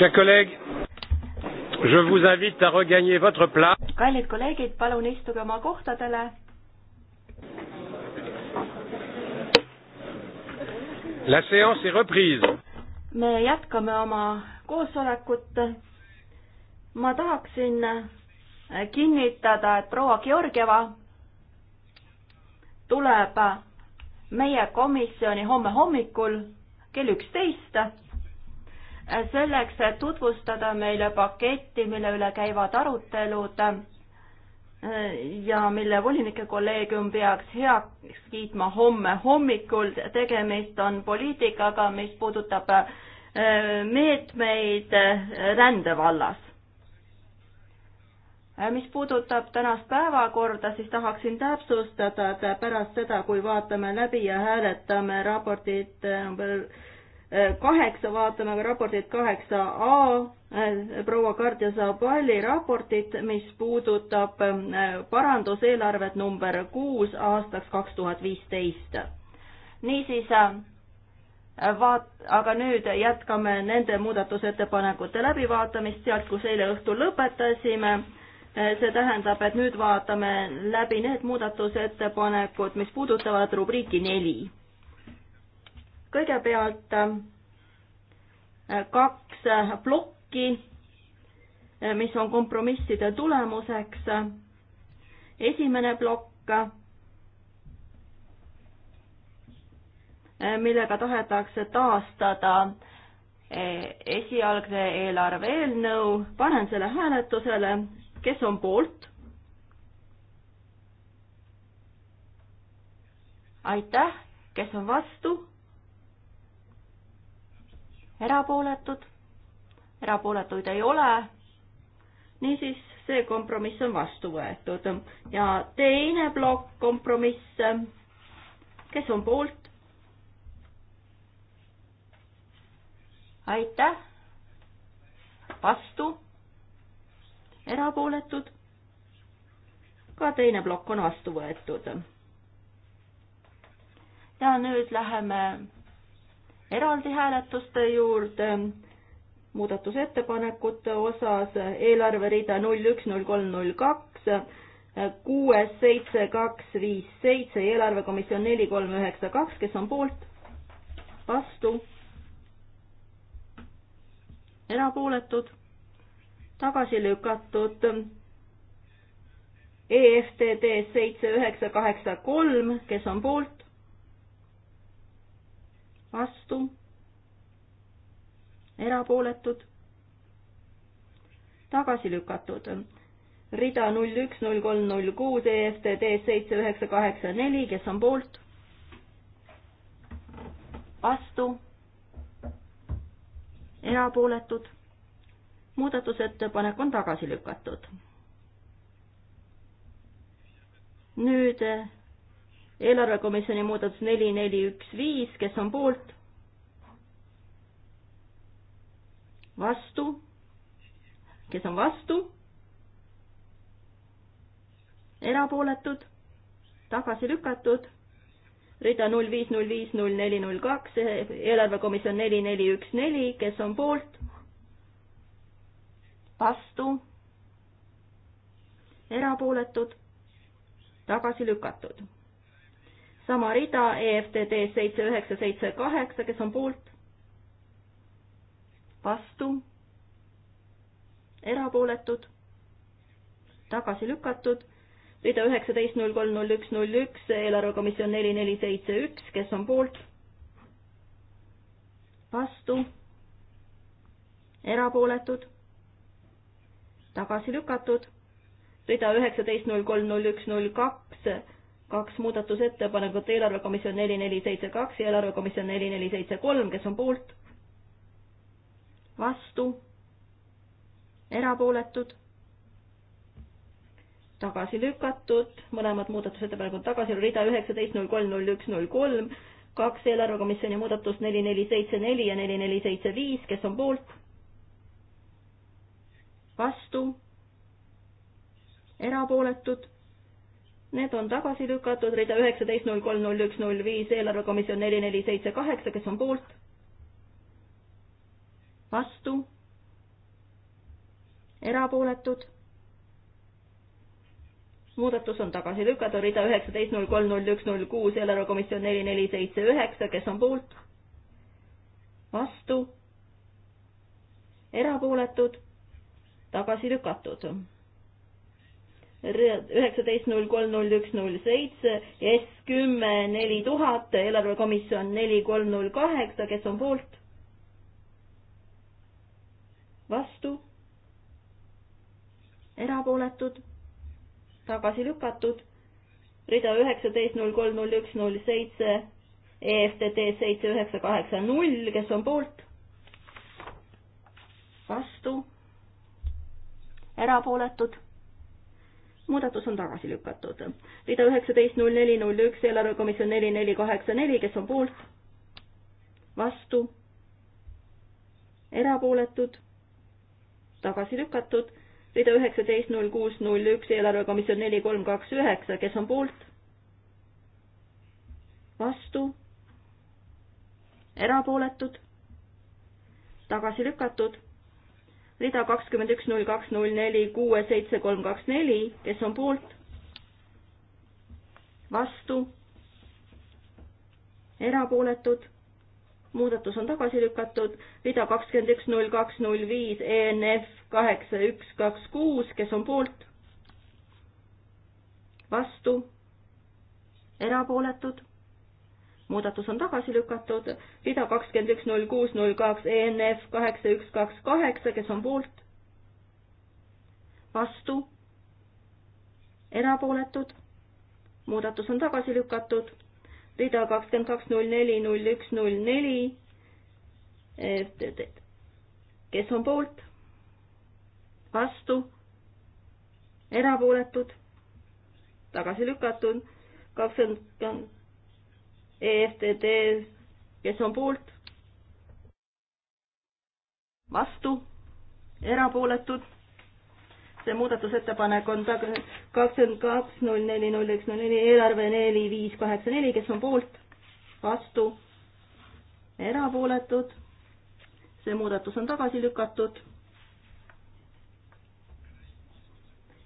Chers collègues, je vous invite à regagner votre place. kallid kolleegid, palun istuge oma kohtadele. La séance est reprise. me jätkame oma koosolekut. ma tahaksin kinnitada, et proua Georgieva tuleb meie komisjoni homme hommikul kell üksteist selleks, et tutvustada meile paketti, mille üle käivad arutelud äh, ja mille volinike kolleegium peaks heaks kiitma homme hommikul. tegemist on poliitikaga, mis puudutab äh, meetmeid äh, rändevallas. mis puudutab tänast päevakorda, siis tahaksin täpsustada, et pärast seda, kui vaatame läbi ja hääletame raportit number kaheksa, vaatame ka raportit kaheksa A, proua Kardja Zabali raportit, mis puudutab äh, paranduseelarvet number kuus aastaks kaks tuhat viisteist. niisiis, äh, vaat-, aga nüüd jätkame nende muudatusettepanekute läbivaatamist sealt, kus eile õhtul lõpetasime äh, see tähendab, et nüüd vaatame läbi need muudatusettepanekud, mis puudutavad rubriiki neli kõigepealt äh, kaks äh, plokki, äh, mis on kompromisside tulemuseks. esimene plokk, millega tahetakse taastada esialgne eelarve eelnõu, panen selle hääletusele, kes on poolt? aitäh, kes on vastu? erapooletud, erapooletuid ei ole. niisiis, see kompromiss on vastu võetud ja teine plokk kompromisse, kes on poolt? aitäh, vastu, erapooletud, ka teine plokk on vastu võetud. ja nüüd läheme eraldi hääletuste juurde muudatusettepanekute osas eelarverida null üks, null kolm, null kaks, kuues, seitse, kaks, viis, seitse, eelarvekomisjon neli, kolm, üheksa, kaks, kes on poolt, vastu, erapooletud, tagasi lükatud, EFTD seitse, üheksa, kaheksa, kolm, kes on poolt, vastu, erapooletud, tagasi lükatud. rida null üks, null kolm, null kuus, EFTD seitse, üheksa, kaheksa, neli, kes on poolt? vastu, erapooletud, muudatusettepanek on tagasi lükatud. nüüd eelarvekomisjoni muudatus neli, neli, üks, viis, kes on poolt? vastu? kes on vastu? erapooletud? tagasi lükatud? rida null viis, null viis, null neli, null kaks, eelarvekomisjon neli, neli, üks, neli, kes on poolt? vastu? erapooletud? tagasi lükatud sama rida, EFTD seitse üheksa seitse kaheksa, kes on poolt? vastu? erapooletud? tagasi lükatud? rida üheksateist null kolm null üks null üks, eelarvekomisjon neli neli seitse üks, kes on poolt? vastu? erapooletud? tagasi lükatud? rida üheksateist null kolm null üks null kaks kaks muudatusettepanekut eelarvekomisjon neli, neli, seitse, kaks ja eelarvekomisjon neli, neli, seitse, kolm, kes on poolt? vastu? erapooletud? tagasi lükatud, mõlemad muudatusettepanekud tagasi, rida üheksateist, null kolm, null üks, null kolm, kaks eelarvekomisjoni muudatust neli, neli, seitse, neli ja neli, neli, seitse, viis, kes on poolt? vastu? erapooletud? Need on tagasi lükatud, rida üheksateist, null kolm, null üks, null viis, eelarvekomisjon neli, neli, seitse, kaheksa, kes on poolt? vastu? erapooletud? muudatus on tagasi lükatud, rida üheksateist, null kolm, null üks, null kuus, eelarvekomisjon neli, neli, seitse, üheksa, kes on poolt? vastu? erapooletud? tagasi lükatud üheksateist null kolm null üks null seitse, S kümme neli tuhat, eelarvekomisjon neli kolm null kaheksa, kes on poolt? vastu? erapooletud? tagasi lükatud? rida üheksateist null kolm null üks null seitse, EFTT seitse üheksa kaheksa null, kes on poolt? vastu? erapooletud muudatus on tagasi lükatud. rida üheksateist null neli null üks, eelarvekomisjon neli neli kaheksa neli, kes on poolt? vastu? erapooletud? tagasi lükatud. rida üheksateist null kuus null üks, eelarvekomisjon neli kolm kaks üheksa, kes on poolt? vastu? erapooletud? tagasi lükatud rida kakskümmend üks, null kaks, null neli, kuue, seitse, kolm, kaks, neli, kes on poolt? vastu? erapooletud? muudatus on tagasi lükatud, rida kakskümmend üks, null kaks, null viis, ENF kaheksa, üks, kaks, kuus, kes on poolt? vastu? erapooletud? muudatus on tagasi lükatud, rida kakskümmend üks, null kuus, null kaks, ENF kaheksa, üks, kaks, kaheksa, kes on poolt? vastu? erapooletud? muudatus on tagasi lükatud, rida kakskümmend kaks, null neli, null üks, null neli, eh, kes on poolt? vastu? erapooletud? tagasi lükatud, kakskümmend 20 EFTD, kes on poolt? vastu? erapooletud? see muudatusettepanek on kakskümmend kaks, null neli, null üks, null neli, eelarve neli, viis, kaheksa, neli, kes on poolt? vastu? erapooletud? see muudatus on tagasi lükatud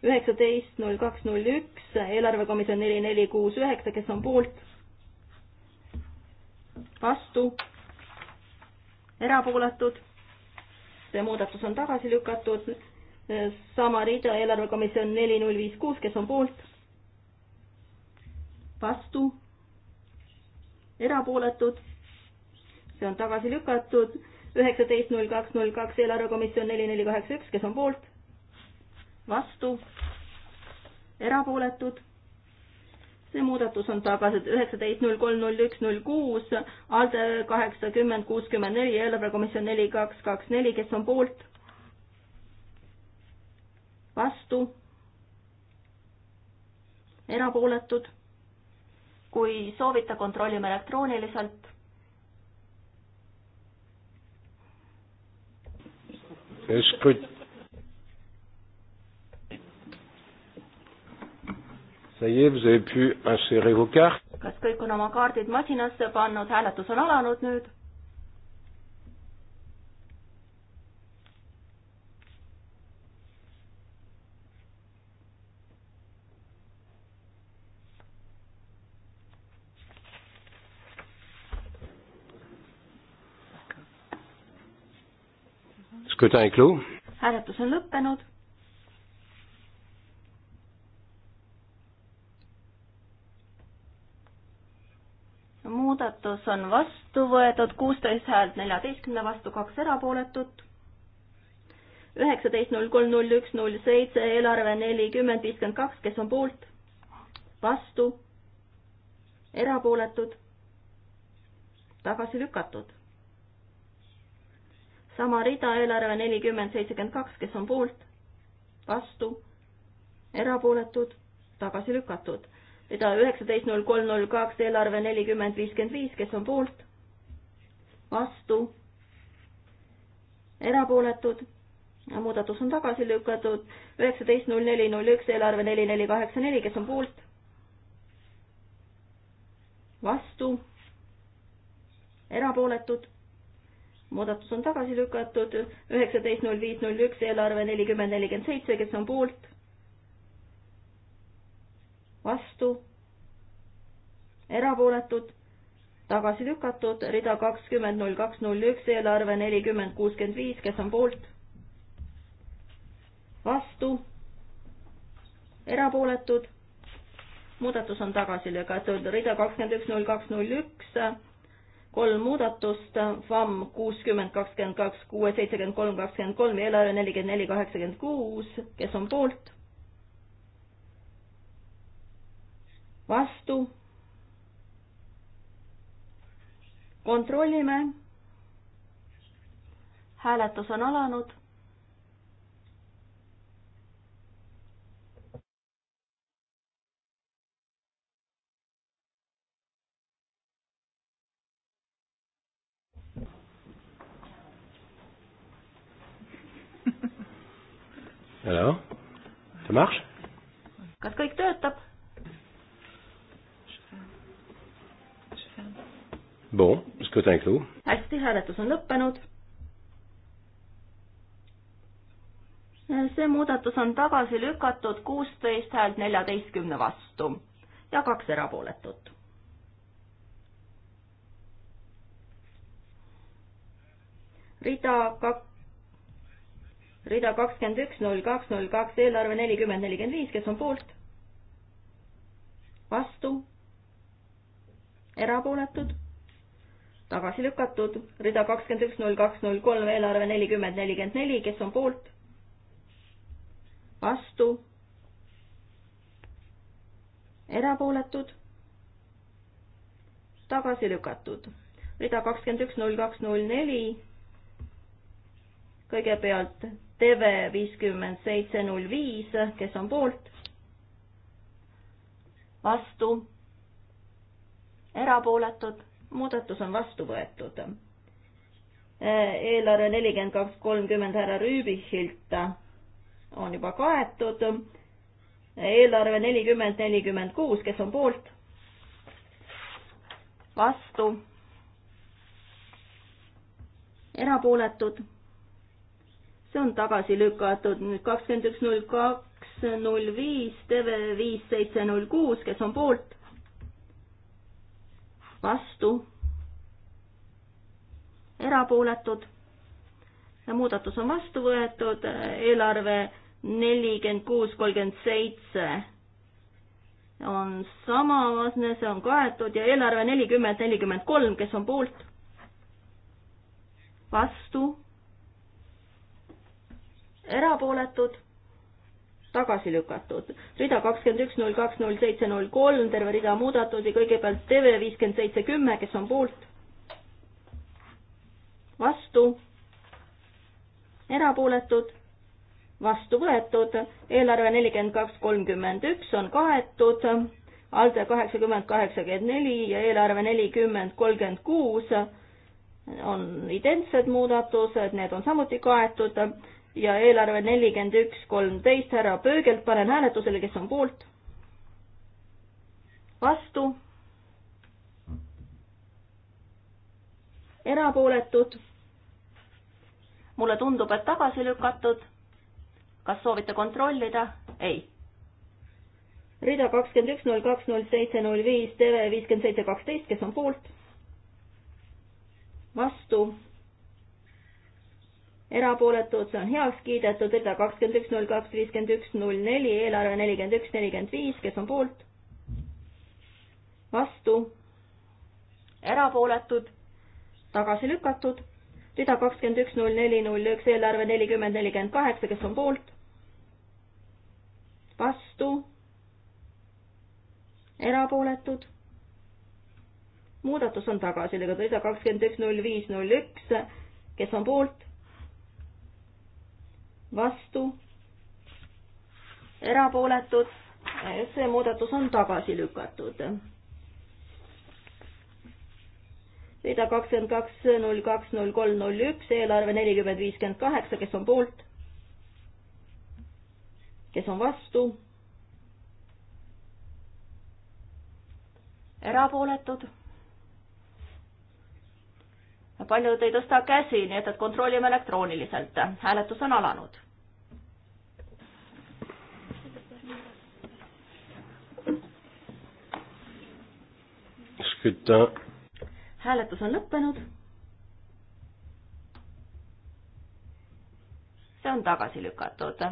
üheksateist, null kaks, null üks, eelarvekomisjon neli, neli, kuus, üheksa, kes on poolt, vastu, erapooletud, see muudatus on tagasi lükatud, sama rida, eelarvekomisjon neli null viis kuus, kes on poolt, vastu, erapooletud, see on tagasi lükatud, üheksateist null kaks null kaks, eelarvekomisjon neli neli kaheksa üks, kes on poolt, vastu, erapooletud see muudatus on tagasi üheksateist null kolm null üks null kuus, ALDE kaheksakümmend kuuskümmend neli, eelarvekomisjon neli kaks kaks neli, kes on poolt? vastu? erapooletud? kui soovite, kontrollime elektrooniliselt. Eskutt Ça y est, vous avez pu insérer vos cartes. kas kõik on oma kaardid masinasse pannud, hääletus on alanud nüüd? scrutin est clos. hääletus on lõppenud muudatus on vastu võetud, kuusteist häält neljateistkümne vastu, kaks erapooletut. üheksateist, null kolm, null üks, null seitse, eelarve nelikümmend, viiskümmend kaks, kes on poolt, vastu, erapooletud, tagasi lükatud. sama rida, eelarve nelikümmend, seitsekümmend kaks, kes on poolt, vastu, erapooletud, tagasi lükatud rida üheksateist null kolm null kaks, eelarve nelikümmend viiskümmend viis, kes on poolt, vastu, erapooletud, muudatus on tagasi lükatud, üheksateist null neli null üks, eelarve neli neli kaheksa neli, kes on poolt, vastu, erapooletud, muudatus on tagasi lükatud, üheksateist null viis null üks, eelarve nelikümmend nelikümmend seitse, kes on poolt vastu, erapooletud, tagasi lükatud, rida kakskümmend null kaks null üks, eelarve nelikümmend kuuskümmend viis, kes on poolt, vastu, erapooletud, muudatus on tagasi lükatud, rida kakskümmend üks null kaks null üks, kolm muudatust, FAM kuuskümmend, kakskümmend kaks, kuue, seitsekümmend kolm, kakskümmend kolm, eelarve nelikümmend neli, kaheksakümmend kuus, kes on poolt, vastu. kontrollime. hääletus on alanud. Alors, ça marche? kas kõik töötab? Bon, scrutin clos. hästi, hääletus on lõppenud. see muudatus on tagasi lükatud kuusteist häält neljateistkümne vastu ja kaks erapooletut. rida kak-, rida kakskümmend üks, null kaks, null kaks, eelarve nelikümmend, nelikümmend viis, kes on poolt? vastu? erapooletud tagasi lükatud, rida kakskümmend üks, null kaks, null kolm, eelarve nelikümmend, nelikümmend neli, kes on poolt? vastu? erapooletud? tagasi lükatud, rida kakskümmend üks, null kaks, null neli, kõigepealt TV viiskümmend seitse, null viis, kes on poolt? vastu? erapooletud muudatus on vastu võetud. eelarve nelikümmend kaks kolmkümmend härra Rüübichilt on juba kaetud. eelarve nelikümmend nelikümmend kuus, kes on poolt? vastu? erapooletud? see on tagasi lükatud nüüd kakskümmend üks null kaks null viis, TV viis seitse null kuus, kes on poolt? vastu, erapooletud. muudatus on vastu võetud, eelarve nelikümmend kuus, kolmkümmend seitse on samavasne, see on kaetud ja eelarve nelikümmend, nelikümmend kolm, kes on poolt, vastu, erapooletud tagasi lükatud. rida kakskümmend üks, null kaks, null seitse, null kolm, terve rida muudatusi, kõigepealt TV viiskümmend seitse, kümme, kes on poolt? vastu? erapooletud? vastu võetud, eelarve nelikümmend kaks, kolmkümmend üks on kaetud, ALDE kaheksakümmend, kaheksakümmend neli ja eelarve nelikümmend, kolmkümmend kuus on identsed muudatused, need on samuti kaetud ja eelarve nelikümmend üks kolmteist härra Pöögelt panen hääletusele, kes on poolt? vastu? erapooletud? mulle tundub, et tagasi lükatud. kas soovite kontrollida? ei. rida kakskümmend üks, null kaks, null seitse, null viis, TV viiskümmend seitse, kaksteist, kes on poolt? vastu? erapooletud, see on heaks kiidetud, rida kakskümmend üks, null kaks, viiskümmend üks, null neli, eelarve nelikümmend üks, nelikümmend viis, kes on poolt? vastu, erapooletud, tagasi lükatud, rida kakskümmend üks, null neli, null üks, eelarve nelikümmend, nelikümmend kaheksa, kes on poolt? vastu, erapooletud muudatus on tagasi lükatud, rida kakskümmend üks, null viis, null üks, kes on poolt, vastu, erapooletud, see muudatus on tagasi lükatud. rida kakskümmend kaks, null kaks, null kolm, null üks, eelarve nelikümmend viiskümmend kaheksa, kes on poolt, kes on vastu, erapooletud paljud ei tõsta käsi, nii et, et kontrollime elektrooniliselt. hääletus on alanud. hääletus on lõppenud. see on tagasi lükatud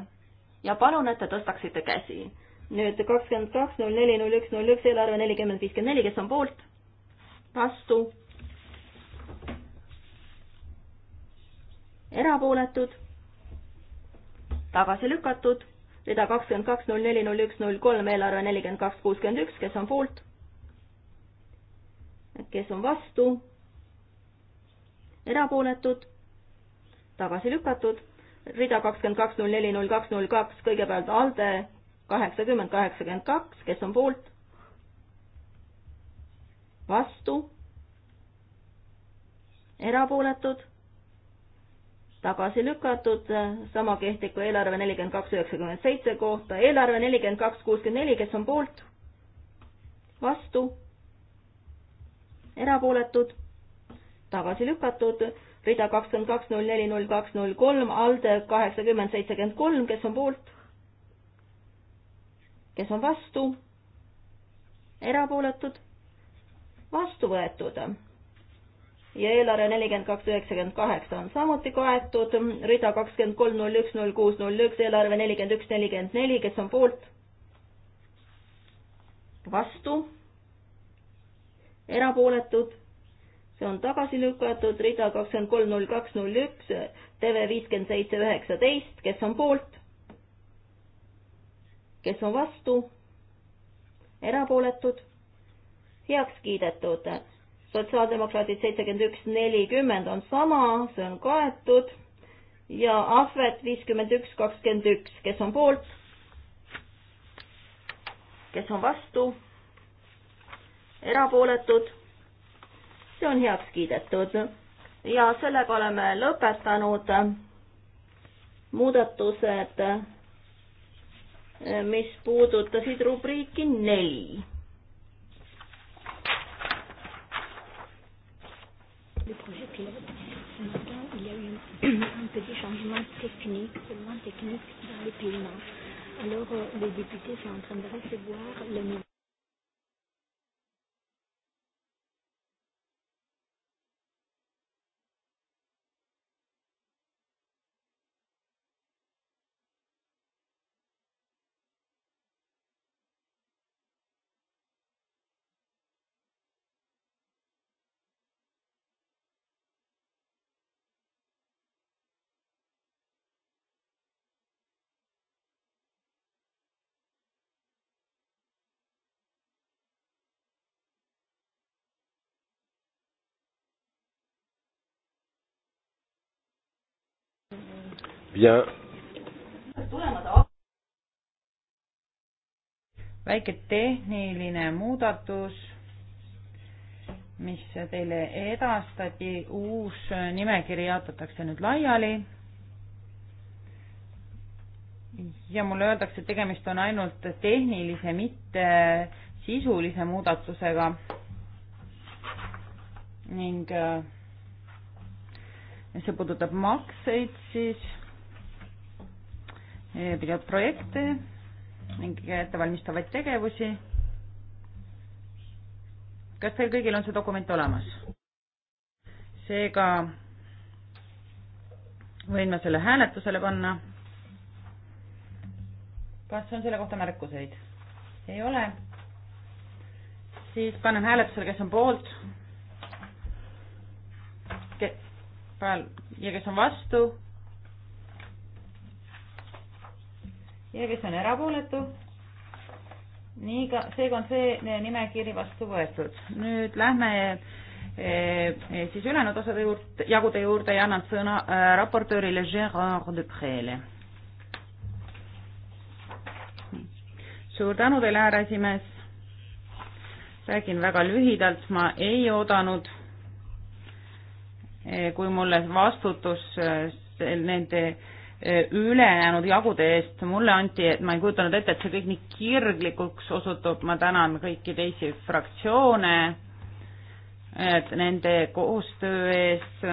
ja palun, et te tõstaksite käsi. nüüd kakskümmend kaks, null neli, null üks, null üks, eelarve nelikümmend, viiskümmend neli, kes on poolt? vastu? erapooletud? tagasi lükatud? rida kakskümmend kaks, null neli, null üks, null kolm, eelarve nelikümmend kaks, kuuskümmend üks, kes on poolt? kes on vastu, erapooletud, tagasi lükatud, rida kakskümmend kaks, null neli, null kaks, null kaks, kõigepealt ALDE kaheksakümmend, kaheksakümmend kaks, kes on poolt, vastu, erapooletud, tagasi lükatud, sama kehtib ka eelarve nelikümmend kaks, üheksakümmend seitse kohta, eelarve nelikümmend kaks, kuuskümmend neli, kes on poolt, vastu erapooletud, tagasi lükatud, rida kakskümmend kaks, null neli, null kaks, null kolm, ALDE kaheksakümmend, seitsekümmend kolm, kes on poolt, kes on vastu, erapooletud, vastu võetud. ja eelarve nelikümmend kaks, üheksakümmend kaheksa on samuti kaetud, rida kakskümmend kolm, null üks, null kuus, null üks, eelarve nelikümmend üks, nelikümmend neli, kes on poolt, vastu erapooletud, see on tagasi lükatud, rida kakskümmend kolm, null kaks, null üks, TV viiskümmend seitse, üheksateist, kes on poolt, kes on vastu, erapooletud, heaks kiidetud. sotsiaaldemokraadid seitsekümmend üks, nelikümmend on sama, see on kaetud ja ahvet viiskümmend üks, kakskümmend üks, kes on poolt, kes on vastu erapooletud. see on heaks kiidetud ja sellega oleme lõpetanud muudatused, mis puudutasid rubriiki neli. Le projet pilote, ce matin, il y a eu un, un petit changement technique, seulement technique dans les paiements. Alors, euh, les députés sont en train de recevoir le nouveau. Bien. väike tehniline muudatus, mis teile edastati, uus nimekiri jaotatakse nüüd laiali. ja mulle öeldakse, et tegemist on ainult tehnilise, mitte sisulise muudatusega. ning äh, see puudutab makseid siis Eh, pilootprojekte ning ettevalmistavaid tegevusi. kas teil kõigil on see dokument olemas? seega võin ma selle hääletusele panna. kas on selle kohta märkuseid? ei ole. siis panen hääletusele, kes on poolt. ja kes on vastu ja kes on erapooletu. nii ka, seega on see nimekiri vastu võetud. nüüd lähme eh, eh, siis ülejäänud osade juurde, jagude juurde ja annan sõna eh, raportöörile Gerard Duprele. suur tänu teile, härra esimees. räägin väga lühidalt, ma ei oodanud, kui mulle vastutus nende äh, ülejäänud jagude eest mulle anti, et ma ei kujutanud ette, et see kõik nii kirglikuks osutub, ma tänan kõiki teisi fraktsioone, et nende koostöö eest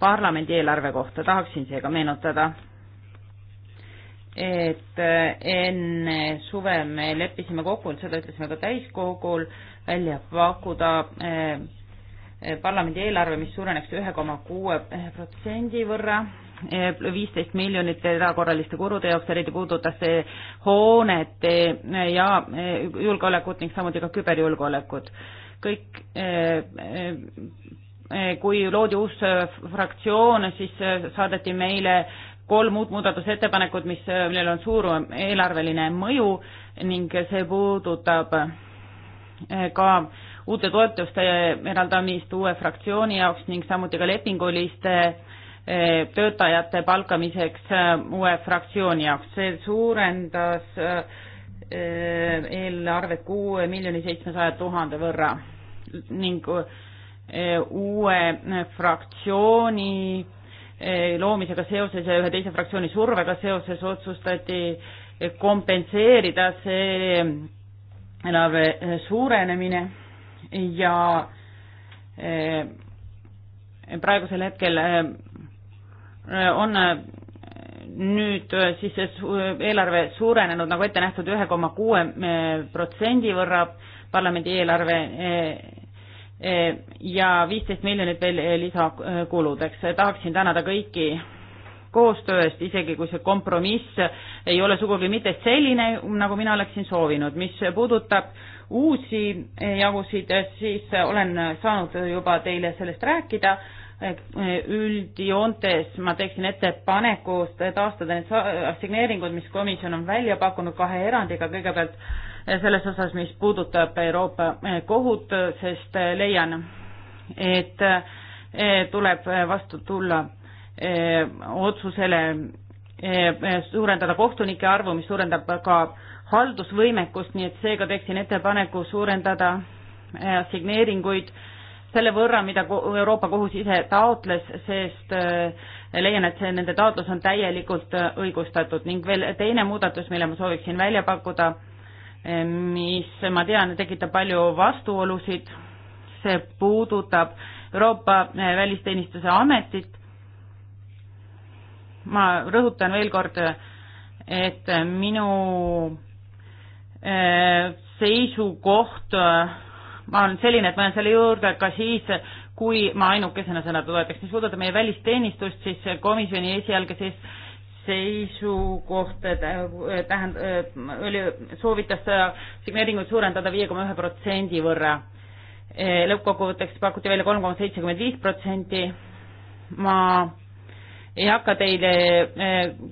parlamendi eelarve kohta tahaksin seega meenutada, et enne suve me leppisime kokku, seda ütlesime ka täiskogul, välja pakkuda eh, eh, parlamendi eelarve, mis suureneks ühe koma kuue protsendi võrra viisteist miljonit erakorraliste kulude jaoks, eriti puudutas see hoonete eh, ja eh, julgeolekut ning samuti ka küberjulgeolekut. kõik, eh, kui loodi uus fraktsioon, siis saadeti meile kolm uut muudatusettepanekut, mis, millel on suur eelarveline mõju ning see puudutab ka uute toetuste eraldamist uue fraktsiooni jaoks ning samuti ka lepinguliste Eh, töötajate palkamiseks eh, uue fraktsiooni jaoks. see suurendas eh, eelarvet kuue miljoni seitsmesaja tuhande võrra ning uue fraktsiooni loomisega seoses ja ühe teise fraktsiooni survega seoses otsustati kompenseerida see eelarve suurenemine ja praegusel hetkel Äh, on äh, nüüd äh, siis eelarve suurenenud nagu ette nähtud ühe koma kuue protsendi võrra parlamendi eelarve ja viisteist miljonit veel lisakuludeks. tahaksin tänada kõiki koostöö eest, isegi kui see kompromiss ei ole sugugi mitte selline, nagu mina oleksin soovinud. mis puudutab uusi jagusid, siis olen saanud juba teile sellest rääkida üldjoontes ma teeksin ettepaneku taastada need assigneeringud, mis komisjon on välja pakkunud kahe erandiga, kõigepealt selles osas, mis puudutab Euroopa kohut, sest leian, et tuleb vastu tulla e, otsusele e, e, suurendada kohtunike arvu, mis suurendab ka haldusvõimekust, nii et seega teeksin ettepaneku suurendada assigneeringuid äh, selle võrra, mida Euroopa Kohus ise taotles, sest äh, leian, et see, nende taotlus on täielikult äh, õigustatud ning veel teine muudatus, mille ma sooviksin välja pakkuda, äh, mis ma tean, tekitab palju vastuolusid, see puudutab Euroopa Välisteenistuse Ametit. ma rõhutan veel kord, et minu seisukoht ma olen selline, et ma jään selle juurde ka siis, kui ma ainukesena seda toetaks. mis puudutab meie välisteenistust, siis komisjoni esialgses seisukoht äh, tähend-, äh, oli, soovitas signeeringuid suurendada viie koma ühe protsendi võrra. Äh, lõppkokkuvõtteks pakuti välja kolm koma seitsekümmend viis protsenti. ma ei hakka teile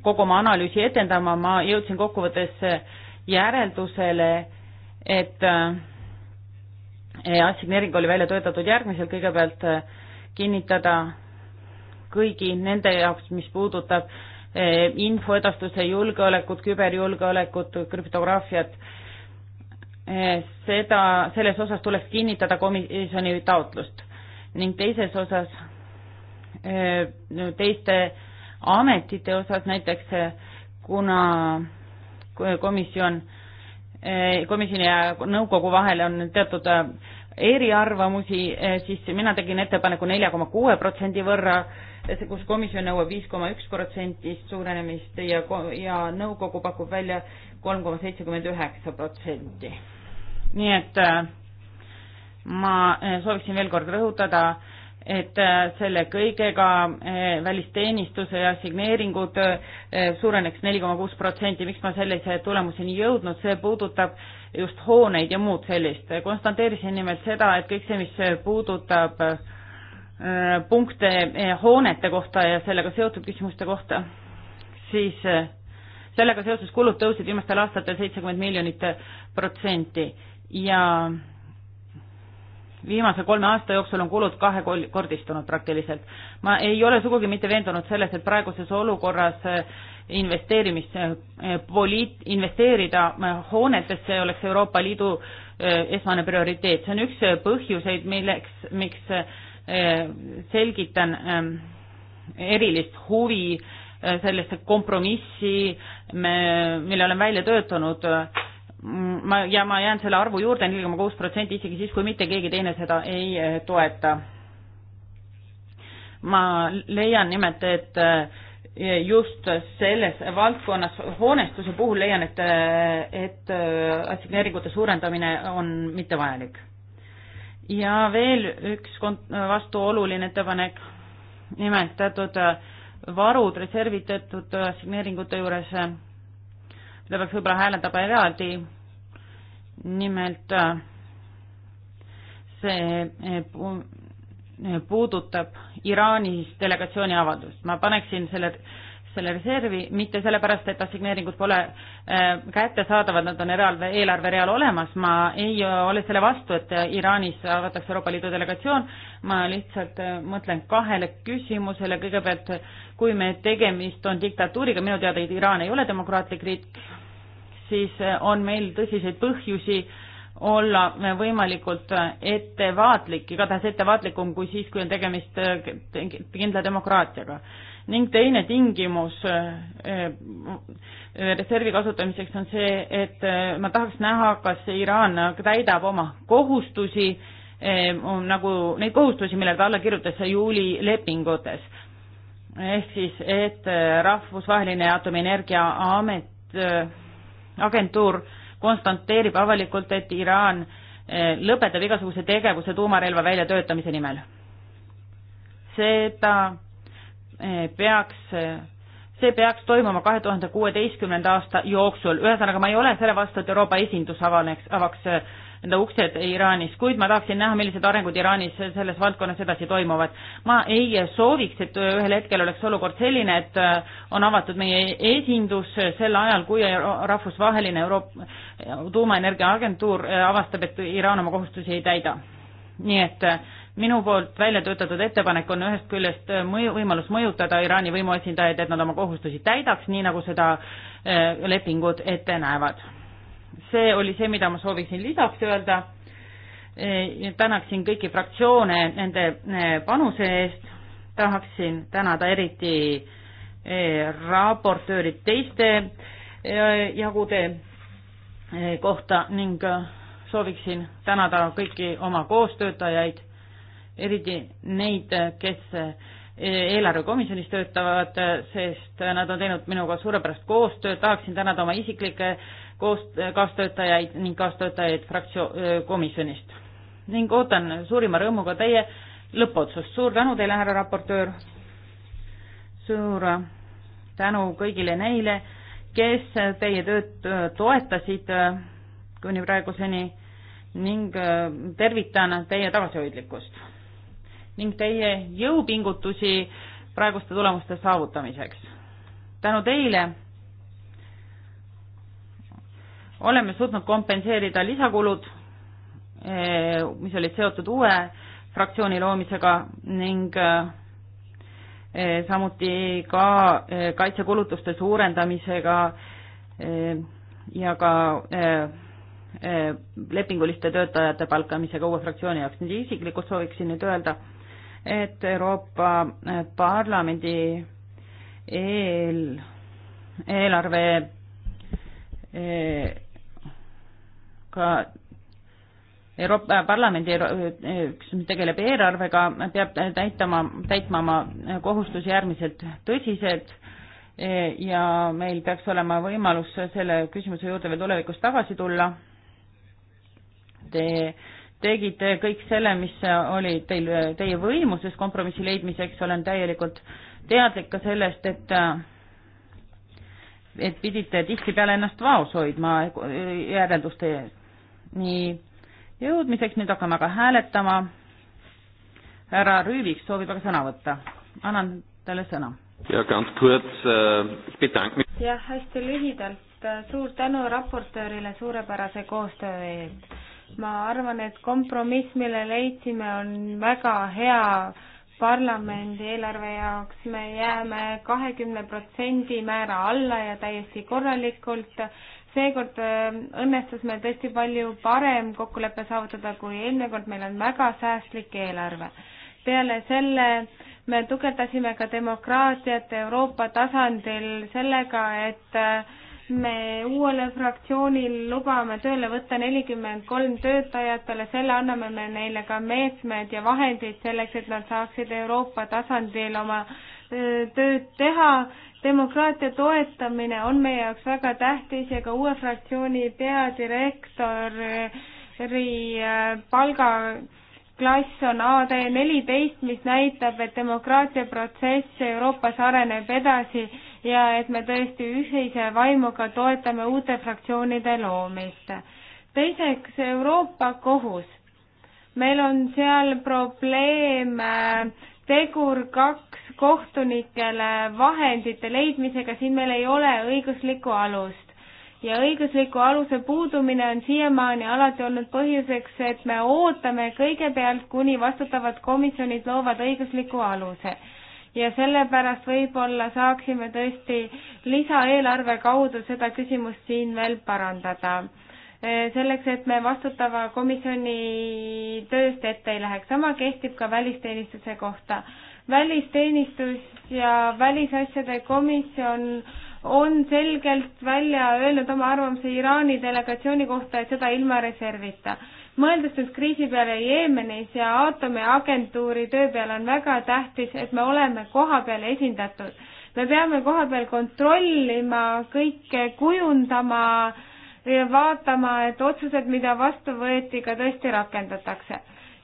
kogu oma analüüsi etendama, ma jõudsin kokkuvõttes järeldusele, et äh, Eh, assigneering oli välja töötatud järgmiselt, kõigepealt eh, kinnitada kõigi nende jaoks, mis puudutab eh, infoedastuse julgeolekut, küberjulgeolekut, krüptograafiat, seda, selles osas tuleks kinnitada komisjoni taotlust ning teises osas, teiste ametite osas näiteks kuna komisjon äh, Eh, komisjoni ja nõukogu vahel on teatud äh, eriarvamusi, eh, siis mina tegin ettepaneku nelja koma kuue protsendi võrra, kus komisjon nõuab viis koma üks protsentist suurenemist ja, ja nõukogu pakub välja kolm koma seitsekümmend üheksa protsenti. nii et äh, ma äh, sooviksin veel kord rõhutada, et äh, selle kõigega äh, välisteenistuse ja signeeringud äh, suureneks neli koma kuus protsenti. miks ma sellise tulemuseni jõudnud, see puudutab just hooneid ja muud sellist. konstanteerisin nimelt seda, et kõik see, mis puudutab punkte hoonete kohta ja sellega seotud küsimuste kohta, siis sellega seoses kulud tõusid viimastel aastatel seitsekümmend miljonit protsenti ja viimase kolme aasta jooksul on kulud kahekordistunud praktiliselt. ma ei ole sugugi mitte veendunud selles, et praeguses olukorras äh, investeerimis, äh, äh, poliit-, investeerida hoonetesse oleks Euroopa Liidu esmane prioriteet, see on üks põhjuseid, milleks, miks selgitan ähm, erilist huvi sellesse kompromissi, mille olen välja töötanud Mm, ma ja ma jään selle arvu juurde, neli koma kuus protsenti, isegi siis, kui mitte keegi teine seda ei eh, toeta. ma leian nimelt, et eh, just selles valdkonnas hoonestuse puhul leian, et, eh, et assigneeringute suurendamine on mittevajalik. ja veel üks vastuoluline ettepanek, nimelt teatud varud, reservid teatud assigneeringute juures seda peaks võib-olla hääletama eraldi. nimelt äh, see äh, äh, puudutab Iraanis delegatsiooni avaldust, ma paneksin selle selle reservi, mitte sellepärast, et assigneeringud pole kättesaadavad, nad on eraldi eelarvereal olemas, ma ei ole selle vastu, et Iraanis avatakse Euroopa Liidu delegatsioon, ma lihtsalt mõtlen kahele küsimusele, kõigepealt kui me, tegemist on diktatuuriga, minu teada Iraan ei ole demokraatlik riik, siis eh, on meil tõsiseid põhjusi olla eh, võimalikult eh, ettevaatlik, igatahes ettevaatlikum kui siis, kui on tegemist kindla demokraatiaga. ning teine tingimus reservi kasutamiseks on see, et ma tahaks näha, kas Iraan täidab oma kohustusi, nagu neid kohustusi, millele ta alla kirjutas juuli lepingutes. ehk siis, et rahvusvaheline aatomienergia amet agentuur konstanteerib avalikult, et Iraan eh, lõpetab igasuguse tegevuse tuumarelva väljatöötamise nimel. seda eh, peaks, see peaks toimuma kahe tuhande kuueteistkümnenda aasta jooksul, ühesõnaga ma ei ole selle vastu, et Euroopa esindus avaneks, avaks enda uksed Iraanis, kuid ma tahaksin näha, millised arengud Iraanis selles valdkonnas edasi toimuvad. ma ei sooviks, et ühel hetkel oleks olukord selline, et äh, on avatud meie esindus sel ajal, kui rahvusvaheline Euroop-, tuumaenergia agentuur äh, avastab, et Iraan oma kohustusi ei täida. nii et äh, minu poolt välja töötatud ettepanek on ühest küljest mõju, võimalus mõjutada Iraani võimuesindajaid, et nad oma kohustusi täidaks, nii nagu seda lepingud ette näevad see oli see, mida ma sooviksin lisaks öelda. E, tänaksin kõiki fraktsioone nende e, panuse eest, tahaksin tänada eriti e, raportöörid teiste jagude kohta ning sooviksin tänada kõiki oma koostöötajaid, eriti neid, kes eelarvekomisjonis töötavad, sest nad on teinud minuga suurepärast koostööd, tahaksin tänada oma isiklikke koos kaastöötajaid ning kaastöötajaid fraktsioon, komisjonist ning ootan suurima rõõmuga teie lõppotsust. suur tänu teile, härra raportöör. suur tänu kõigile neile, kes teie tööd toetasid kuni praeguseni ning tervitan teie tagasihoidlikkust ning teie jõupingutusi praeguste tulemuste saavutamiseks. tänu teile oleme suutnud kompenseerida lisakulud, eh, mis olid seotud uue fraktsiooni loomisega ning eh, samuti ka eh, kaitsekulutuste suurendamisega ja ka lepinguliste töötajate palkamisega uue fraktsiooni jaoks. nüüd isiklikult sooviksin nüüd öelda, et Euroopa Parlamendi eel, eelarve ka Euroopa Parlamendi üks tegeleb eelarvega, peab täitma, täitma oma kohustusi äärmiselt tõsiselt e, ja meil peaks olema võimalus selle küsimuse juurde veel tulevikus tagasi tulla. Te tegite kõik selle, mis oli teil, teie võimuses kompromissi leidmiseks, olen täielikult teadlik ka sellest, et et pidite tihtipeale ennast vaos hoidma e, järelduste eest nii jõudmiseks, nüüd hakkame aga hääletama. härra Rüübik soovib aga sõna võtta, annan talle sõna. jah, äh, hästi lühidalt, suur tänu raportöörile suurepärase koostöö eest. ma arvan, et kompromiss, mille leidsime, on väga hea parlamendi eelarve jaoks me jääme kahekümne protsendi määra alla ja täiesti korralikult seekord ähm, õnnestus meil tõesti palju parem kokkulepe saavutada kui eelmine kord, meil on väga säästlik eelarve. peale selle me tugevdasime ka demokraatiat Euroopa tasandil sellega, et äh, me uuele fraktsioonil lubame tööle võtta nelikümmend kolm töötajat, peale selle anname me neile ka meetmed ja vahendid selleks, et nad saaksid Euroopa tasandil oma äh, tööd teha demokraatia toetamine on meie jaoks väga tähtis ja ka uue fraktsiooni peadirektori äh, palgaklass on AD neliteist, mis näitab, et demokraatia protsess Euroopas areneb edasi ja et me tõesti ühise vaimuga toetame uute fraktsioonide loomist. teiseks, Euroopa Kohus. meil on seal probleeme äh, tegur kaks kohtunikele vahendite leidmisega, siin meil ei ole õiguslikku alust. ja õigusliku aluse puudumine on siiamaani alati olnud põhjuseks, et me ootame kõigepealt, kuni vastutavad komisjonid loovad õigusliku aluse ja sellepärast võib-olla saaksime tõesti lisaeelarve kaudu seda küsimust siin veel parandada Eh, selleks, et me vastutava komisjoni tööst ette ei läheks. sama kehtib ka välisteenistuse kohta. välisteenistus ja välisasjade komisjon on selgelt välja öelnud oma arvamuse Iraani delegatsiooni kohta ja seda ilma reservita. mõeldes nüüd kriisi peale Jeemenis ja aatomiagentuuri töö peale, on väga tähtis, et me oleme kohapeal esindatud. me peame kohapeal kontrollima kõike, kujundama äh, vaatama, et otsused, mida vastu võeti, ka tõesti rakendatakse.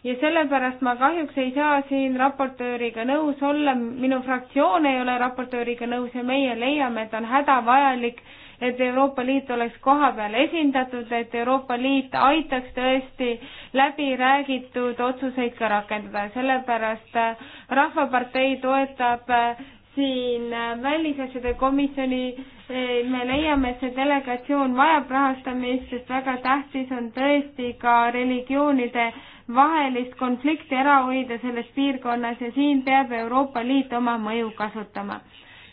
ja sellepärast ma kahjuks ei saa siin raportööriga nõus olla, minu fraktsioon ei ole raportööriga nõus ja meie leiame, et on hädavajalik, et Euroopa Liit oleks kohapeal esindatud, et Euroopa Liit aitaks tõesti läbi räägitud otsuseid ka rakendada, sellepärast äh, Rahvapartei toetab äh, siin välisasjade komisjoni eh, me leiame, et see delegatsioon vajab rahastamist, sest väga tähtis on tõesti ka religioonide vahelist konflikti ära hoida selles piirkonnas ja siin peab Euroopa Liit oma mõju kasutama.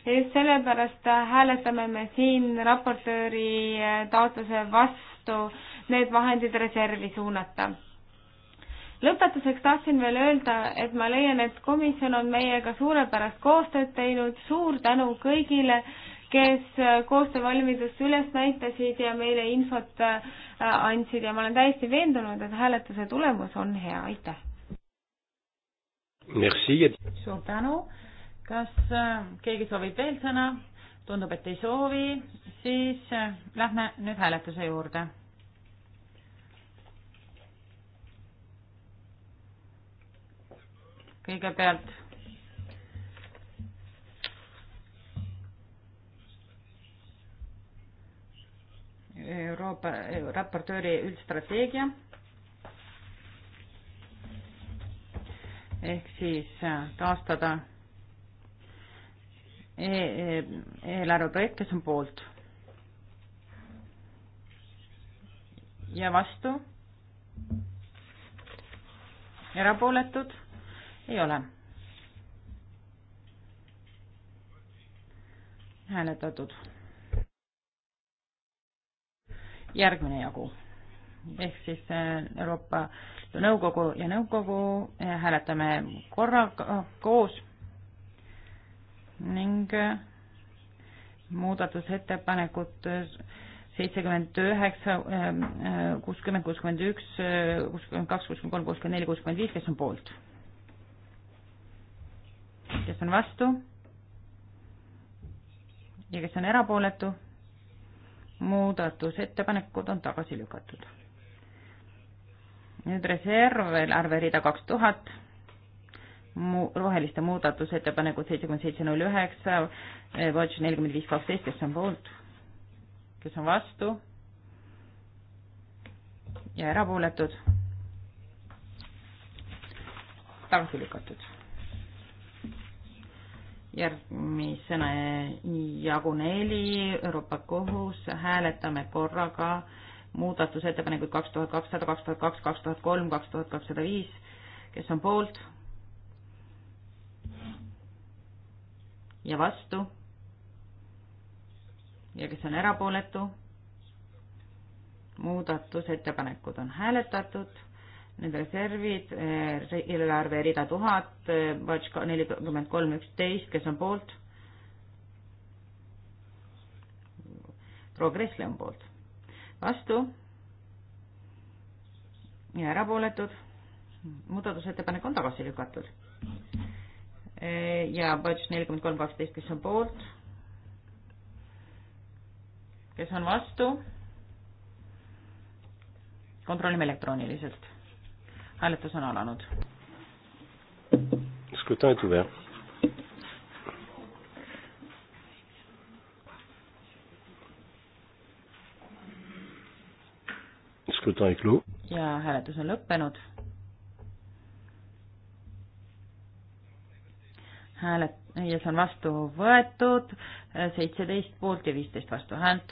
ja just sellepärast hääletame me siin raportööri eh, taotluse vastu need vahendid reservi suunata lõpetuseks tahtsin veel öelda, et ma leian, et komisjon on meiega suurepärast koostööd teinud, suur tänu kõigile, kes koostöövalmidust üles näitasid ja meile infot äh, andsid ja ma olen täiesti veendunud, et hääletuse tulemus on hea, aitäh! suur tänu, kas äh, keegi soovib veel sõna? tundub, et ei soovi, siis äh, lähme nüüd hääletuse juurde kõigepealt Euroopa raportööri üldstrateegia ehk siis äh, taastada e, e, eelarveprojekt, kes on poolt ja vastu, erapooletud ei ole. hääletatud. järgmine jagu ehk siis eh, Euroopa Nõukogu ja nõukogu eh, hääletame korraga koos ning eh, muudatusettepanekud seitsekümmend üheksa, kuuskümmend, kuuskümmend üks, kuuskümmend kaks, kuuskümmend kolm, kuuskümmend neli, kuuskümmend viis, kes on poolt? kes on vastu ja kes on erapooletu. muudatusettepanekud on tagasi lükatud. nüüd reserv, arverida kaks tuhat mu-, roheliste muudatusettepanekud seitsekümmend seitse null üheksa, Vodž nelikümmend viis kaksteist, kes on poolt, kes on vastu ja erapooletud, tagasi lükatud järgmisena jagu neli, Euroopa Kohus, hääletame korraga muudatusettepanekuid kaks tuhat kakssada, kaks tuhat kaks, kaks tuhat kolm, kaks tuhat kakssada viis, kes on poolt? ja vastu? ja kes on erapooletu? muudatusettepanekud on hääletatud Need reservid, eh, eelarve rida tuhat, eh, Vatška nelikümmend kolm üksteist, kes on poolt? proua Kressle on poolt. vastu? ja erapooletud? muudatusettepanek on tagasi lükatud. Eh, ja Vatš nelikümmend kolm kaksteist, kes on poolt? kes on vastu? kontrollime elektrooniliselt hääletus on alanud. ja hääletus on lõppenud. hääled ja see on vastu võetud, seitseteist poolt ja viisteist vastuhäält.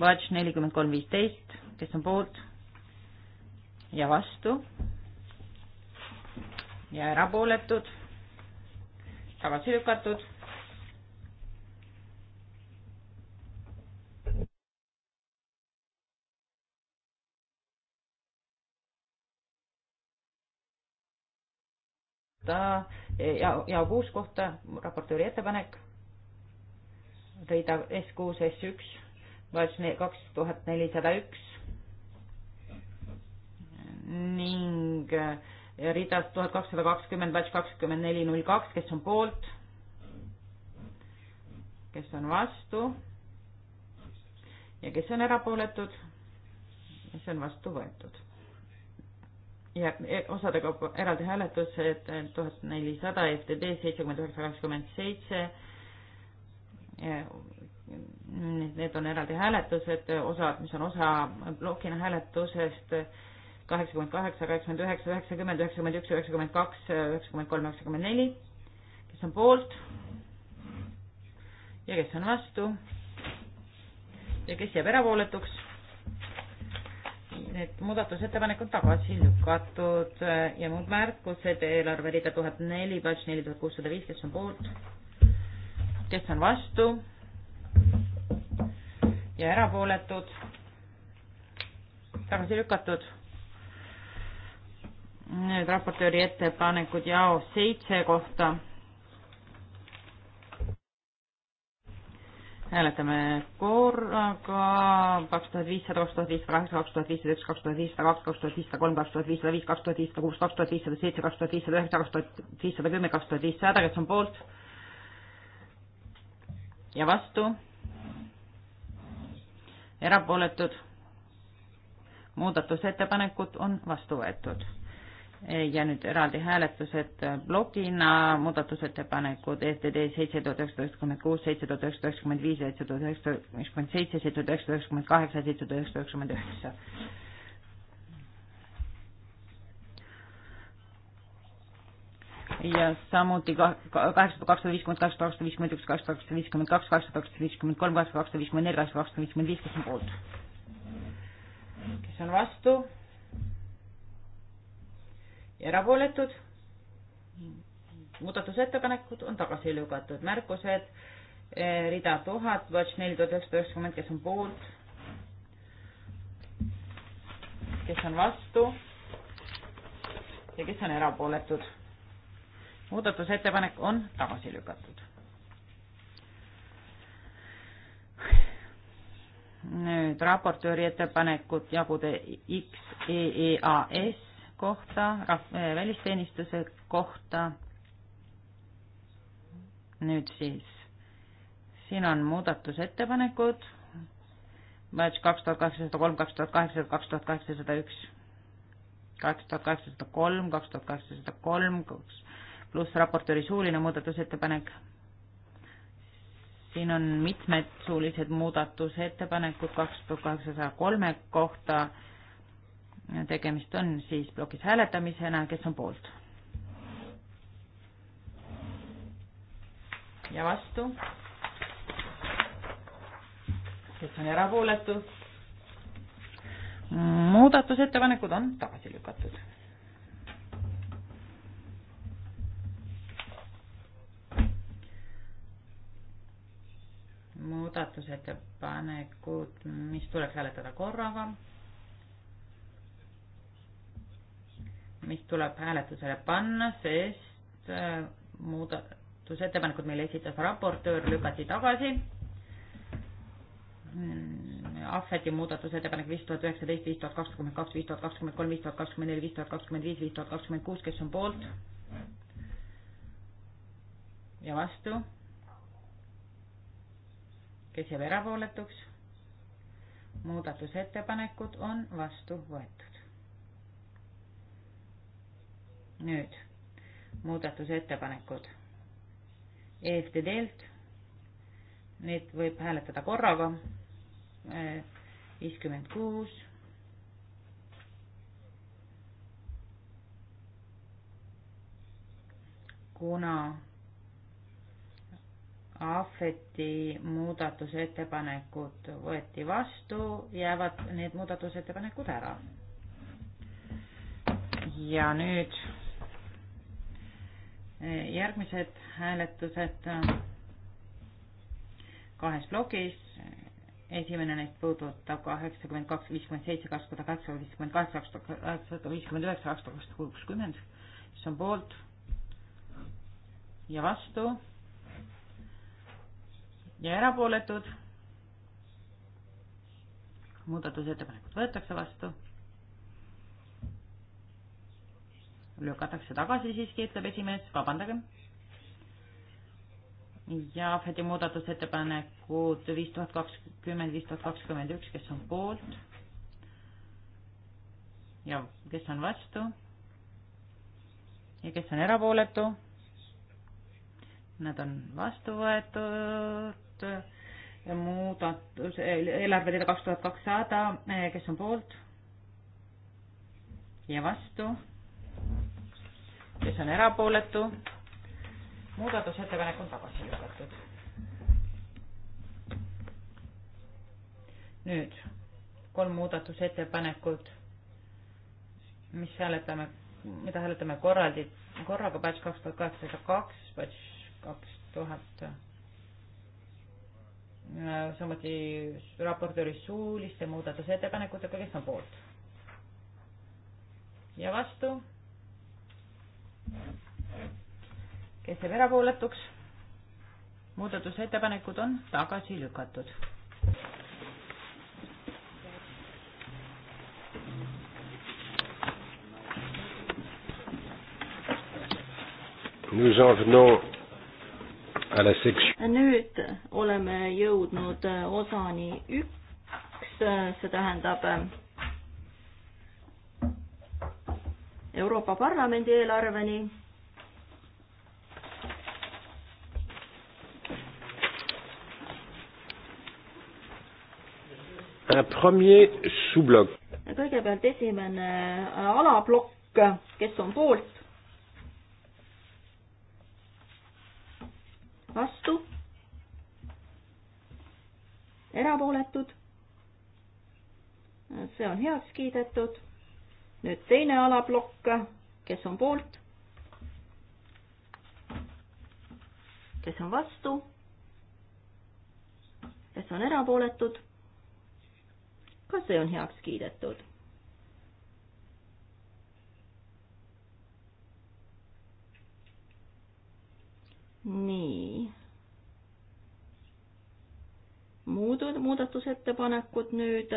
Vatš nelikümmend kolm, viisteist, kes on poolt ja vastu ja erapooletud, tagasi lükatud. ta ja, ja kuus kohta raportööri ettepanek rida S kuus S üks, kaks tuhat nelisada üks ning eh, ridas tuhat kakssada kakskümmend, batch kakskümmend neli, null kaks, kes on poolt, kes on vastu ja kes on erapooletud, kes on vastu võetud. ja e, osade kaupa eraldi hääletused eh, tuhat nelisada, FTD seitsekümmend üheksa, kakskümmend seitse, need on eraldi hääletused, osad, mis on osa plokina hääletusest, kaheksakümmend kaheksa, kaheksakümmend üheksa, üheksakümmend, üheksakümmend üks, üheksakümmend kaks, üheksakümmend kolm, üheksakümmend neli. kes on poolt? ja kes on vastu? ja kes jääb erapooletuks? Need muudatusettepanekud tagasi lükatud ja muud märkused, eelarverida tuhat neli, batch neli tuhat kuussada viis, kes on poolt? kes on vastu? ja erapooletud? tagasi lükatud nüüd raportööri ettepanekud jao seitse kohta. hääletame korraga kaks tuhat viissada, kaks tuhat viissada kaheksa, kaks tuhat viissada üks, kaks tuhat viissada kaks, kaks tuhat viissada kolm, kaks tuhat viissada viis, kaks tuhat viissada kuus, kaks tuhat viissada seitse, kaks tuhat viissada üheksa, kaks tuhat viissada kümme, kaks tuhat viissada, kes on poolt ja vastu, erapooletud muudatusettepanekud on vastu võetud ja nüüd eraldi hääletused blogina, muudatusettepanekud ETD seitse tuhat üheksasada üheksakümmend kuus, seitse tuhat üheksasada üheksakümmend viis, seitse tuhat üheksasada üheksakümmend seitse, seitse tuhat üheksasada üheksakümmend kaheksa, seitse tuhat üheksasada üheksakümmend üheksa. ja samuti kaheksasada kakssada viiskümmend, kaheksasada kakssada viiskümmend üks, kaheksasada kakssada viiskümmend kaks, kaheksasada kakssada viiskümmend kolm, kaheksasada kakssada viiskümmend neli, kaheksasada kakssada viiskümmend viis, kes on poolt? kes on vastu? erapooletud. muudatusettepanekud on tagasi lükatud, märkused eh, rida tuhat, Watch neli tuhat üheksasada üheksakümmend, kes on poolt, kes on vastu ja kes on erapooletud. muudatusettepanek on tagasi lükatud. nüüd raportööri ettepanekud jagude X, E, E, A, S kohta, eh, välisteenistuse kohta. nüüd siis, siin on muudatusettepanekud, batch kaks tuhat kaheksasada kolm, kaks tuhat kaheksasada, kaks tuhat kaheksasada üks, kaks tuhat kaheksasada kolm, kaks tuhat kaheksasada kolm, pluss raportööri suuline muudatusettepanek siin on mitmed suulised muudatusettepanekud kaks tuhat kaheksasada kolme kohta, tegemist on siis plokis hääletamisena, kes on poolt? ja vastu? kes on erapooletu? muudatusettepanekud on tagasi lükatud. muudatusettepanekud, mis tuleks hääletada korraga mis tuleb hääletusele panna, sest äh, muudatusettepanekud, mille esitas raportöör, lükati tagasi. Mm, Ahveti muudatusettepanek viis tuhat üheksateist, viis tuhat kakskümmend kaks, viis tuhat kakskümmend kolm, viis tuhat kakskümmend neli, viis tuhat kakskümmend viis, viis tuhat kakskümmend kuus, kes on poolt? ja vastu? kes jääb erapooletuks? muudatusettepanekud on vastu võetud. nüüd muudatusettepanekud EFTD-lt, neid võib hääletada korraga, viiskümmend kuus, kuna Ahveti muudatusettepanekud võeti vastu, jäävad need muudatusettepanekud ära. ja nüüd järgmised hääletused kahes plokis. esimene neist puudutab kaheksakümmend kaks, viiskümmend seitse, kakssada kaheksa, viiskümmend kaheksa, kakssada viiskümmend üheksa, kakssada kakssada kuuskümmend, mis on poolt ja vastu ja erapooletud. muudatusettepanekud võetakse vastu lükatakse tagasi siiski, ütleb esimees, vabandage. ja Fedi muudatusettepanekud viis tuhat kakskümmend, viis tuhat kakskümmend üks, kes on poolt ja kes on vastu ja kes on erapooletu. Nad on vastu võetud ja muudatus, eelarverida kaks tuhat kakssada, kes on poolt ja vastu kes on erapooletu. muudatusettepanek on tagasi lükatud. nüüd kolm muudatusettepanekut, mis hääletame, mida hääletame korraldi, korraga batch kaks tuhat kaheksasada kaks, batch kaks tuhat äh, samuti raportööri suuliste muudatusettepanekutega, kes on poolt? ja vastu kes jääb erapooletuks? muudatusettepanekud on tagasi lükatud. Nous en venons à la section. nüüd oleme jõudnud osani üks, see tähendab Euroopa Parlamendi eelarveni. kõigepealt esimene alaplokk, kes on poolt? vastu? erapooletud? see on heaks kiidetud nüüd teine alaplokk, kes on poolt? kes on vastu? kes on erapooletud? ka see on heaks kiidetud nii. muud muudatusettepanekud nüüd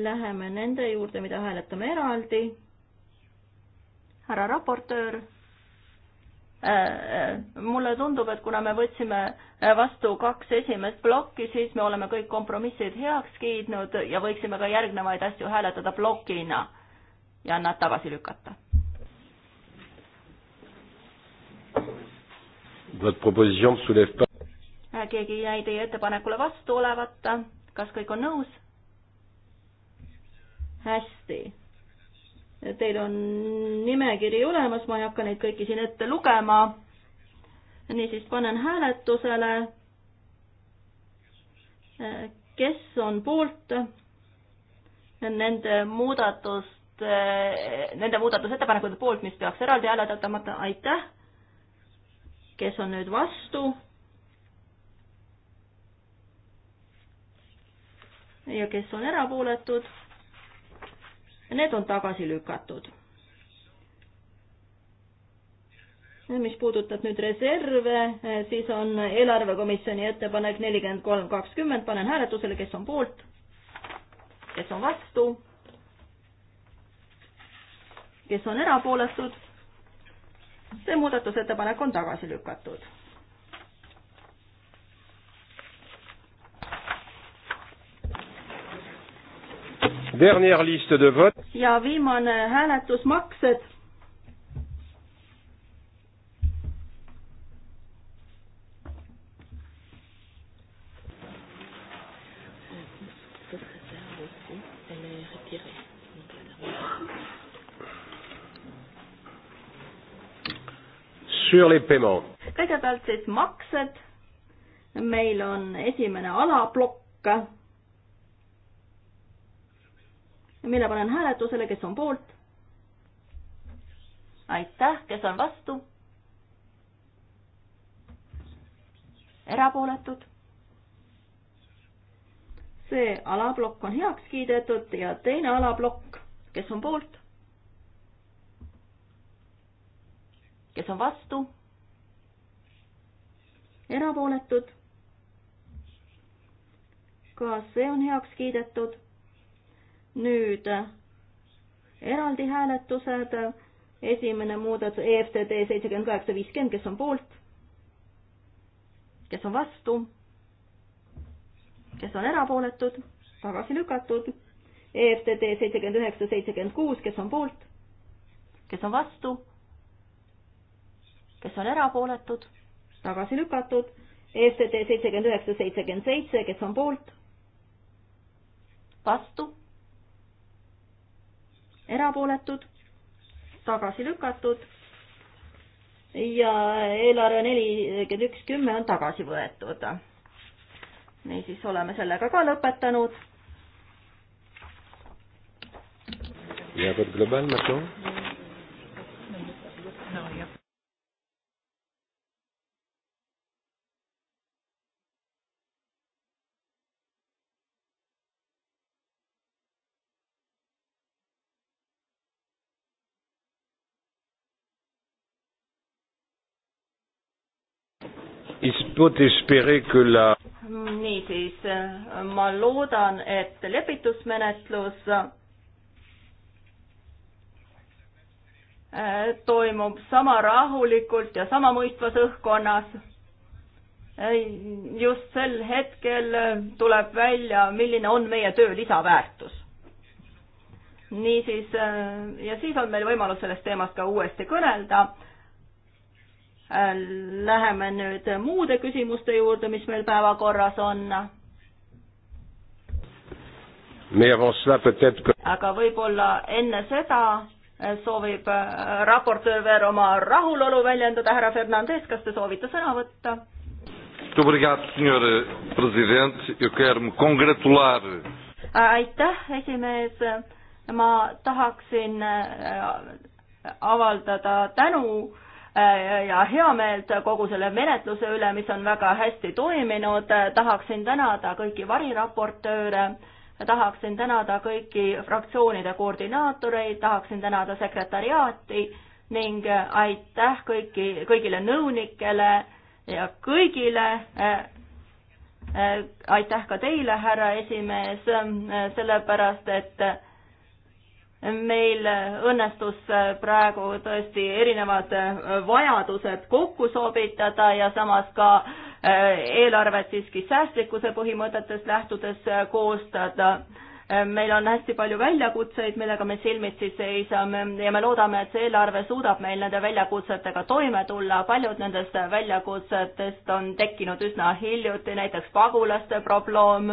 Läheme nende juurde, mida hääletame eraldi. härra raportöör äh, äh, mulle tundub, et kuna me võtsime äh, vastu kaks esimest plokki, siis me oleme kõik kompromissid heaks kiidnud ja võiksime ka järgnevaid asju hääletada plokina ja nad tagasi lükata. keegi jäi teie ettepanekule vastu olevat, kas kõik on nõus? hästi. Teil on nimekiri olemas, ma ei hakka neid kõiki siin ette lugema. niisiis panen hääletusele. kes on poolt nende muudatust, nende muudatusettepanekute poolt, mis peaks eraldi hääletatamata, aitäh. kes on nüüd vastu? ja kes on erapooletud need on tagasi lükatud. mis puudutab nüüd reserve, eh, siis on eelarvekomisjoni ettepanek nelikümmend kolm kakskümmend, panen hääletusele, kes on poolt, kes on vastu, kes on erapooletud. see muudatusettepanek on tagasi lükatud dernière liste de vote. ja viimane hääletus, maksed. sur les paiements. kõigepealt siis maksed. meil on esimene alaplokk mille panen hääletusele, kes on poolt? aitäh, kes on vastu? erapooletud? see alaplokk on heaks kiidetud ja teine alaplokk, kes on poolt? kes on vastu? erapooletud? ka see on heaks kiidetud nüüd eraldi hääletused, esimene muudatus EFTD seitsekümmend kaheksa viiskümmend, kes on poolt, kes on vastu, kes on erapooletud, tagasi lükatud, EFTD seitsekümmend üheksa seitsekümmend kuus, kes on poolt, kes on vastu, kes on erapooletud, tagasi lükatud, EFTD seitsekümmend üheksa seitsekümmend seitse, kes on poolt, vastu erapooletud, tagasi lükatud ja eelarve nelikümmend üks kümme on tagasi võetud. niisiis oleme sellega ka lõpetanud. ja vot globaalne toon La... niisiis, äh, ma loodan, et lepitusmenetlus äh, toimub sama rahulikult ja sama mõistvas õhkkonnas. just sel hetkel äh, tuleb välja, milline on meie töö lisaväärtus. niisiis, ja siis on meil võimalus sellest teemast ka uuesti kõnelda Äh, läheme nüüd muude küsimuste juurde, mis meil päevakorras on. aga võib-olla enne seda äh, soovib äh, raportöör veel oma rahulolu väljendada, härra Fernandes, kas te soovite sõna võtta? Muito obrigado, Sr. Presidente. Eu quero me congratular. Aitäh, esimees. Ma tahaksin avaldada tänu Äh, ja heameelt kogu selle menetluse üle, mis on väga hästi toiminud. Äh, tahaksin tänada kõiki variraportööre, tahaksin tänada kõiki fraktsioonide koordinaatoreid, tahaksin tänada sekretariaati ning äh, aitäh kõiki, kõigile nõunikele ja kõigile. aitäh ka teile, härra esimees, sellepärast et meil õnnestus praegu tõesti erinevad vajadused kokku sobitada ja samas ka eh, eelarvet siiski säästlikkuse põhimõtetest lähtudes koostada. Eh, meil on hästi palju väljakutseid, millega me silmitsi seisame ja me loodame, et see eelarve suudab meil nende väljakutsetega toime tulla. paljud nendest väljakutsetest on tekkinud üsna hiljuti, näiteks pagulaste probleem.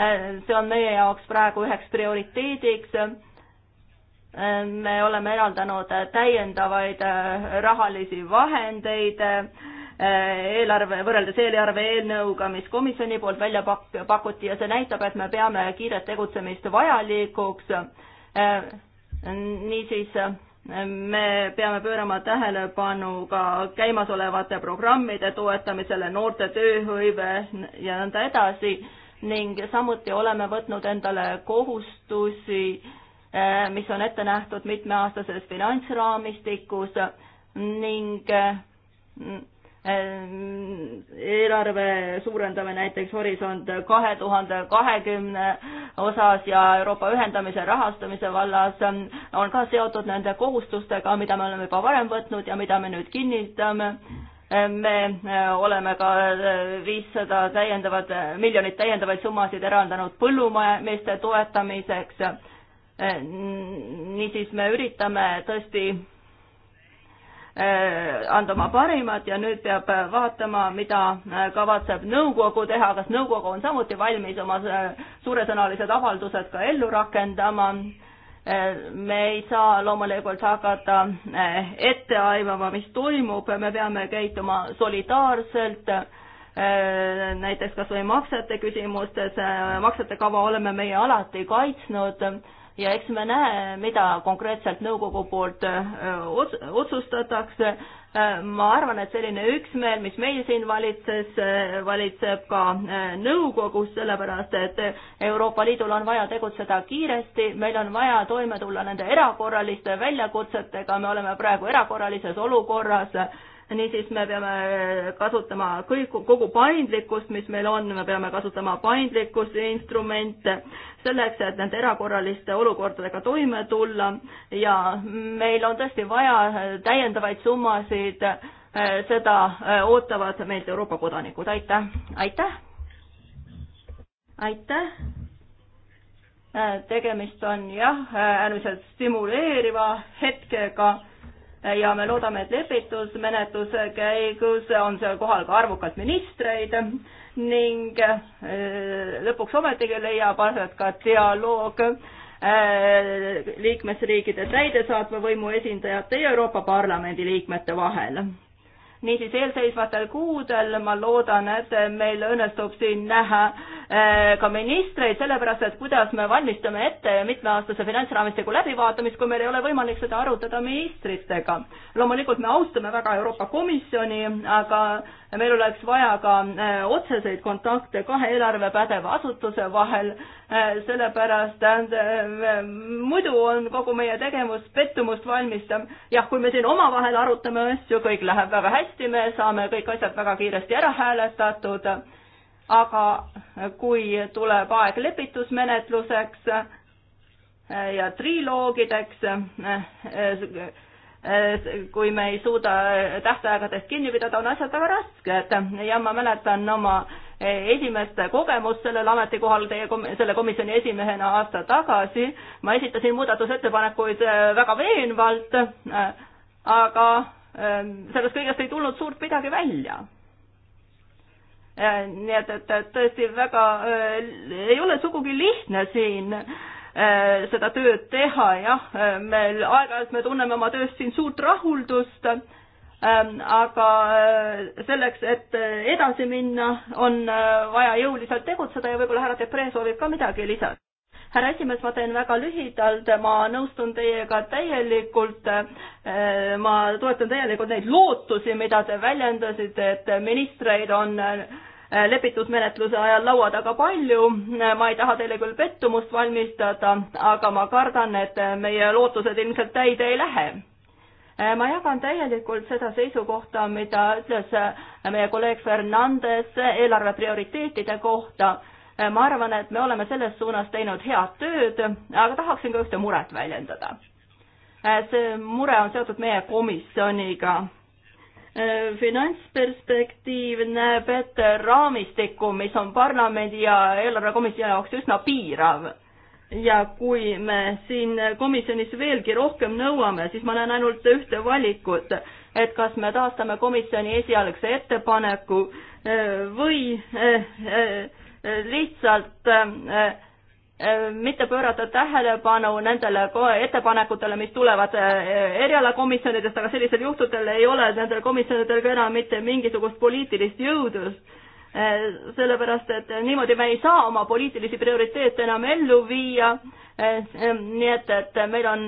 Eh, see on meie jaoks praegu üheks prioriteediks me oleme eraldanud täiendavaid äh, rahalisi vahendeid äh, eelarve, võrreldes eelarve eelnõuga, mis komisjoni poolt välja pak-, pakuti ja see näitab, et me peame kiiret tegutsemist vajalikuks. Äh, niisiis me peame pöörama tähelepanu ka käimasolevate programmide toetamisele, noorte tööhõive ja nõnda edasi ning samuti oleme võtnud endale kohustusi äh, Äh, mis on ette nähtud mitmeaastases finantsraamistikus ning äh, mm, eelarve suurendame näiteks Horisont kahe tuhande kahekümne osas ja Euroopa ühendamise rahastamise vallas äh, on ka seotud nende kohustustega, mida me oleme juba varem võtnud ja mida me nüüd kinnitame. me oleme ka viissada täiendavat, miljonit täiendavaid summasid eraldanud põllumeeste toetamiseks niisiis me üritame tõesti äh, anda oma parimat ja nüüd peab äh, vaatama, mida äh, kavatseb nõukogu teha, kas nõukogu on samuti valmis oma suuresõnalised avaldused ka ellu rakendama. me ei saa loomulikult hakata ette aimama, mis toimub, me peame käituma solidaarselt näiteks kas või maksete küsimustes, maksete kava oleme meie alati kaitsnud ja eks me näe, mida konkreetselt nõukogu poolt äh, otsustatakse. Äh, ma arvan, et selline üksmeel, mis meil siin valitses, äh, valitseb ka nõukogus, sellepärast et Euroopa Liidul on vaja tegutseda kiiresti, meil on vaja toime tulla nende erakorraliste väljakutsetega, me oleme praegu erakorralises olukorras niisiis me peame äh, kasutama kõik, kogu paindlikkust, mis meil on, me peame kasutama paindlikkuse instrumente selleks, et nende erakorraliste olukordadega toime tulla ja meil on tõesti vaja äh, täiendavaid summasid, äh, seda ootavad meilt Euroopa kodanikud, aitäh, aitäh! aitäh! tegemist on jah, äärmiselt stimuleeriva hetkega ja me loodame, et lepitusmenetluse käigus on seal kohal ka arvukalt ministreid ning äh, lõpuks ometigi leiab aset ka dialoog äh, liikmesriikide täidesaatva võimu esindajate ja Euroopa Parlamendi liikmete vahel. niisiis, eelseisvatel kuudel ma loodan, et meil õnnestub siin näha Äh, ka ministreid, sellepärast et kuidas me valmistume ette mitmeaastase finantsraamistiku läbivaatamist, kui meil ei ole võimalik seda arutada ministritega. loomulikult me austame väga Euroopa Komisjoni, aga meil oleks vaja ka äh, otseseid kontakte kahe eelarvepädeva asutuse vahel, äh, sellepärast et muidu on kogu meie tegevus pettumust valmistav. jah, kui me siin omavahel arutame asju, kõik läheb väga hästi, me saame kõik asjad väga kiiresti ära hääletatud aga kui tuleb aeg lepitusmenetluseks ja triloogideks, kui me ei suuda tähtaegadest kinni pidada, on asjad väga rasked ja ma mäletan oma esimest kogemust sellel ametikohal teie kom-, selle komisjoni esimehena aasta tagasi. ma esitasin muudatusettepanekuid äh, väga veenvalt, äh, aga äh, sellest kõigest ei tulnud suurt midagi välja Äh, nii et, et tõesti väga äh, ei ole sugugi lihtne siin äh, seda tööd teha, jah, meil aeg-ajalt me tunneme oma tööst siin suurt rahuldust, ähm, aga selleks, et edasi minna, on vaja jõuliselt tegutseda ja võib-olla härra Depree soovib ka midagi lisada härra esimees, ma teen väga lühidalt, ma nõustun teiega täielikult. Eh, ma toetan täielikult neid lootusi, mida te väljendasite, et ministreid on eh, lepitusmenetluse ajal laua taga palju, eh, ma ei taha teile küll pettumust valmistada, aga ma kardan, et meie lootused ilmselt täide ei lähe ma jagan täielikult seda seisukohta, mida ütles meie kolleeg Fernandes eelarve prioriteetide kohta Äh, ma arvan, et me oleme selles suunas teinud head tööd, aga tahaksin ka ühte muret väljendada. Äh, see mure on seotud meie komisjoniga äh, finantsperspektiiv näeb ette raamistikku, mis on parlamendi ja eelarvekomisjoni jaoks üsna piirav. ja kui me siin komisjonis veelgi rohkem nõuame, siis ma näen ainult ühte valikut, et kas me taastame komisjoni esialgse ettepaneku või lihtsalt ähm, äh, mitte pöörata tähelepanu nendele ettepanekutele, mis tulevad äh, erialakomisjonidest, aga sellisel juhtudel ei ole nendel komisjonidel ka enam mitte mingisugust poliitilist jõudlust äh, sellepärast et niimoodi me ei saa oma poliitilisi prioriteete enam ellu viia. nii et, et meil on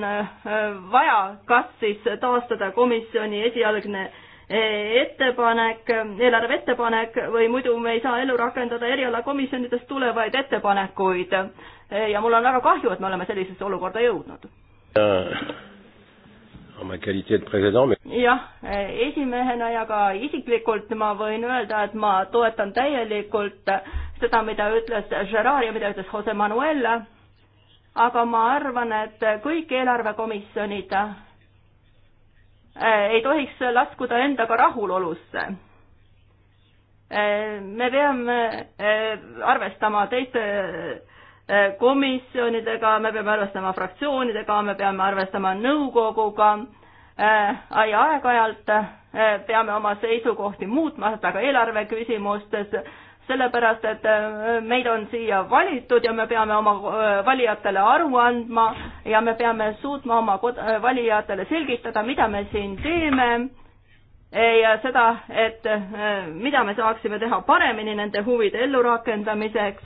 vaja kas siis taastada komisjoni esialgne ettepanek, eelarve ettepanek või muidu me ei saa ellu rakendada erialakomisjonidest tulevaid ettepanekuid. ja mul on väga kahju, et me oleme sellisesse olukorda jõudnud. jah, esimehena ja ka isiklikult ma võin öelda, et ma toetan täielikult seda, mida ütles Gerard ja mida ütles Jose Manuel, aga ma arvan, et kõik eelarvekomisjonid Äh, ei tohiks laskuda endaga rahulolusse. Äh, me peame äh, arvestama teiste komisjonidega, me peame arvestama fraktsioonidega, me peame arvestama nõukoguga ai aeg-ajalt peame oma seisukohti muutma, seda ka eelarve küsimustes, sellepärast et äh, meid on siia valitud ja me peame oma äh, valijatele aru andma ja me peame suutma oma äh, valijatele selgitada, mida me siin teeme ja seda, et mida me saaksime teha paremini nende huvide ellurakendamiseks.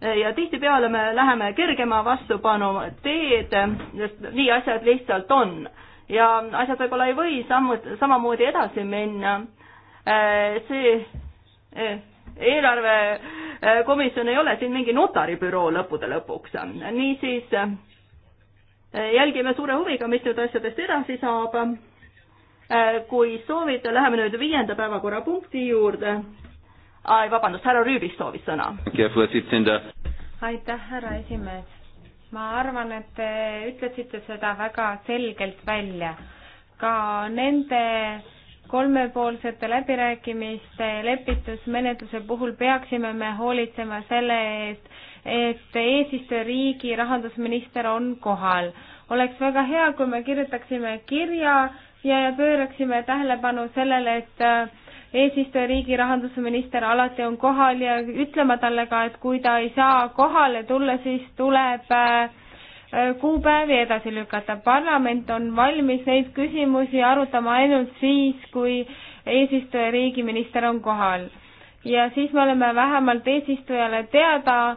ja tihtipeale me läheme kergema vastupanu teed, sest nii asjad lihtsalt on ja asjad võib-olla ei või samm-, samamoodi edasi minna. see eelarvekomisjon äh, ei ole siin mingi notaribüroo lõppude lõpuks. niisiis äh, jälgime suure huviga, mis nüüd asjadest edasi saab. Äh, kui soovite, läheme nüüd viienda päevakorrapunkti juurde. ai, vabandust, härra Rüübis soovis sõna. aitäh, härra esimees. ma arvan, et te ütlesite seda väga selgelt välja. ka nende kolmepoolsete läbirääkimiste lepitusmenetluse puhul peaksime me hoolitsema selle eest, et eesistujariigi rahandusminister on kohal. oleks väga hea, kui me kirjutaksime kirja ja pööraksime tähelepanu sellele, et äh, eesistujariigi rahandusminister alati on kohal ja ütlema talle ka, et kui ta ei saa kohale tulla, siis tuleb äh, kuupäevi edasi lükata. parlament on valmis neid küsimusi arutama ainult siis, kui eesistujariigi minister on kohal. ja siis me oleme vähemalt eesistujale teada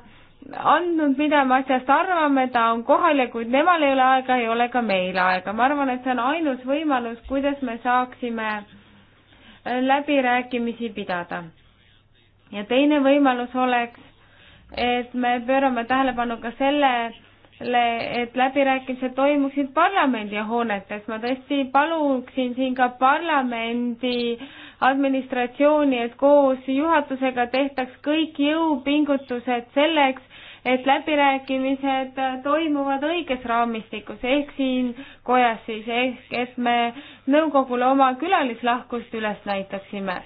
andnud, mida me asjast arvame, ta on kohal ja kui temal ei ole aega, ei ole ka meil aega. ma arvan, et see on ainus võimalus, kuidas me saaksime läbirääkimisi pidada. ja teine võimalus oleks, et me pöörame tähelepanu ka selle et läbirääkimised toimuksid parlamendihoonetes. ma tõesti paluksin siin ka parlamendi administratsiooni, et koos juhatusega tehtaks kõik jõupingutused selleks, et läbirääkimised toimuvad õiges raamistikus ehk siin kojas siis, ehk et me nõukogule oma külalislahkust üles näitaksime.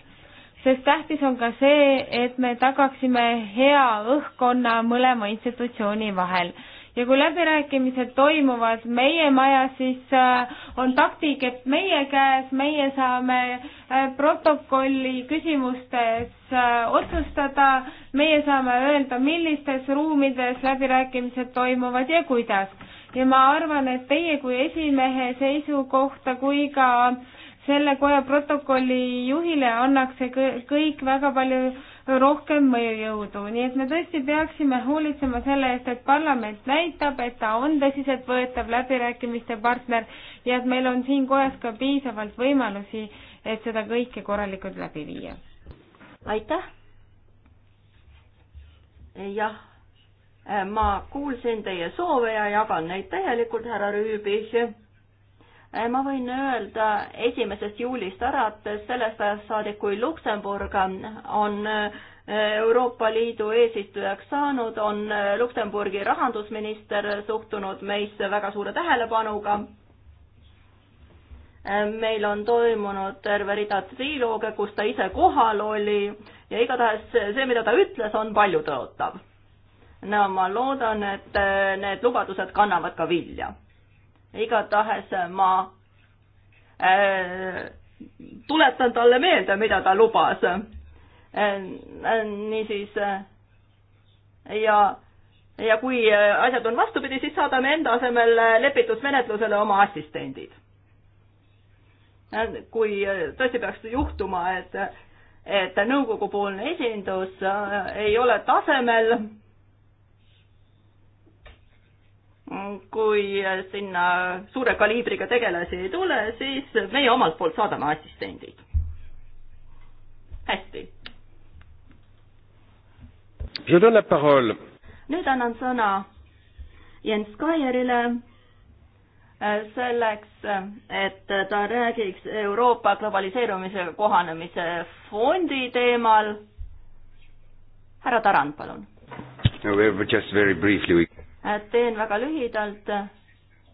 sest tähtis on ka see, et me tagaksime hea õhkkonna mõlema institutsiooni vahel ja kui läbirääkimised toimuvad meie majas, siis äh, on taktikepp meie käes, meie saame äh, protokolli küsimustes äh, otsustada, meie saame öelda, millistes ruumides läbirääkimised toimuvad ja kuidas. ja ma arvan, et teie kui esimehe seisukohta kui ka selle koja protokolli juhile annaks see kõik väga palju rohkem mõjujõudu, nii et me tõesti peaksime hoolitsema selle eest, et parlament näitab, et ta on tõsiseltvõetav läbirääkimiste partner ja et meil on siin kojas ka piisavalt võimalusi, et seda kõike korralikult läbi viia. aitäh! jah, ma kuulsin teie soove ja jagan neid täielikult, härra Rüübis Äh, ma võin öelda esimesest juulist alates, sellest ajast saadik, kui Luksemburg on äh, Euroopa Liidu eesistujaks saanud, on äh, Luksemburgi rahandusminister suhtunud meisse väga suure tähelepanuga. meil on toimunud terve rida trilooge, kus ta ise kohal oli ja igatahes see, mida ta ütles, on paljutõotav. no ma loodan, et need lubadused kannavad ka vilja igatahes ma äh, tuletan talle meelde, mida ta lubas. Äh, niisiis äh, ja, ja kui asjad on vastupidi, siis saadame enda asemel lepitusmenetlusele oma assistendid. kui tõesti peaks juhtuma, et, et nõukogupoolne esindus ei ole tasemel kui sinna suure kaliibriga tegelasi ei tule, siis meie omalt poolt saadame assistendid. hästi. nüüd annan sõna Jens Kaierile äh, selleks, et ta räägiks Euroopa globaliseerumisega kohanemise fondi teemal. härra Tarand, palun. No, just very briefly we teen väga lühidalt.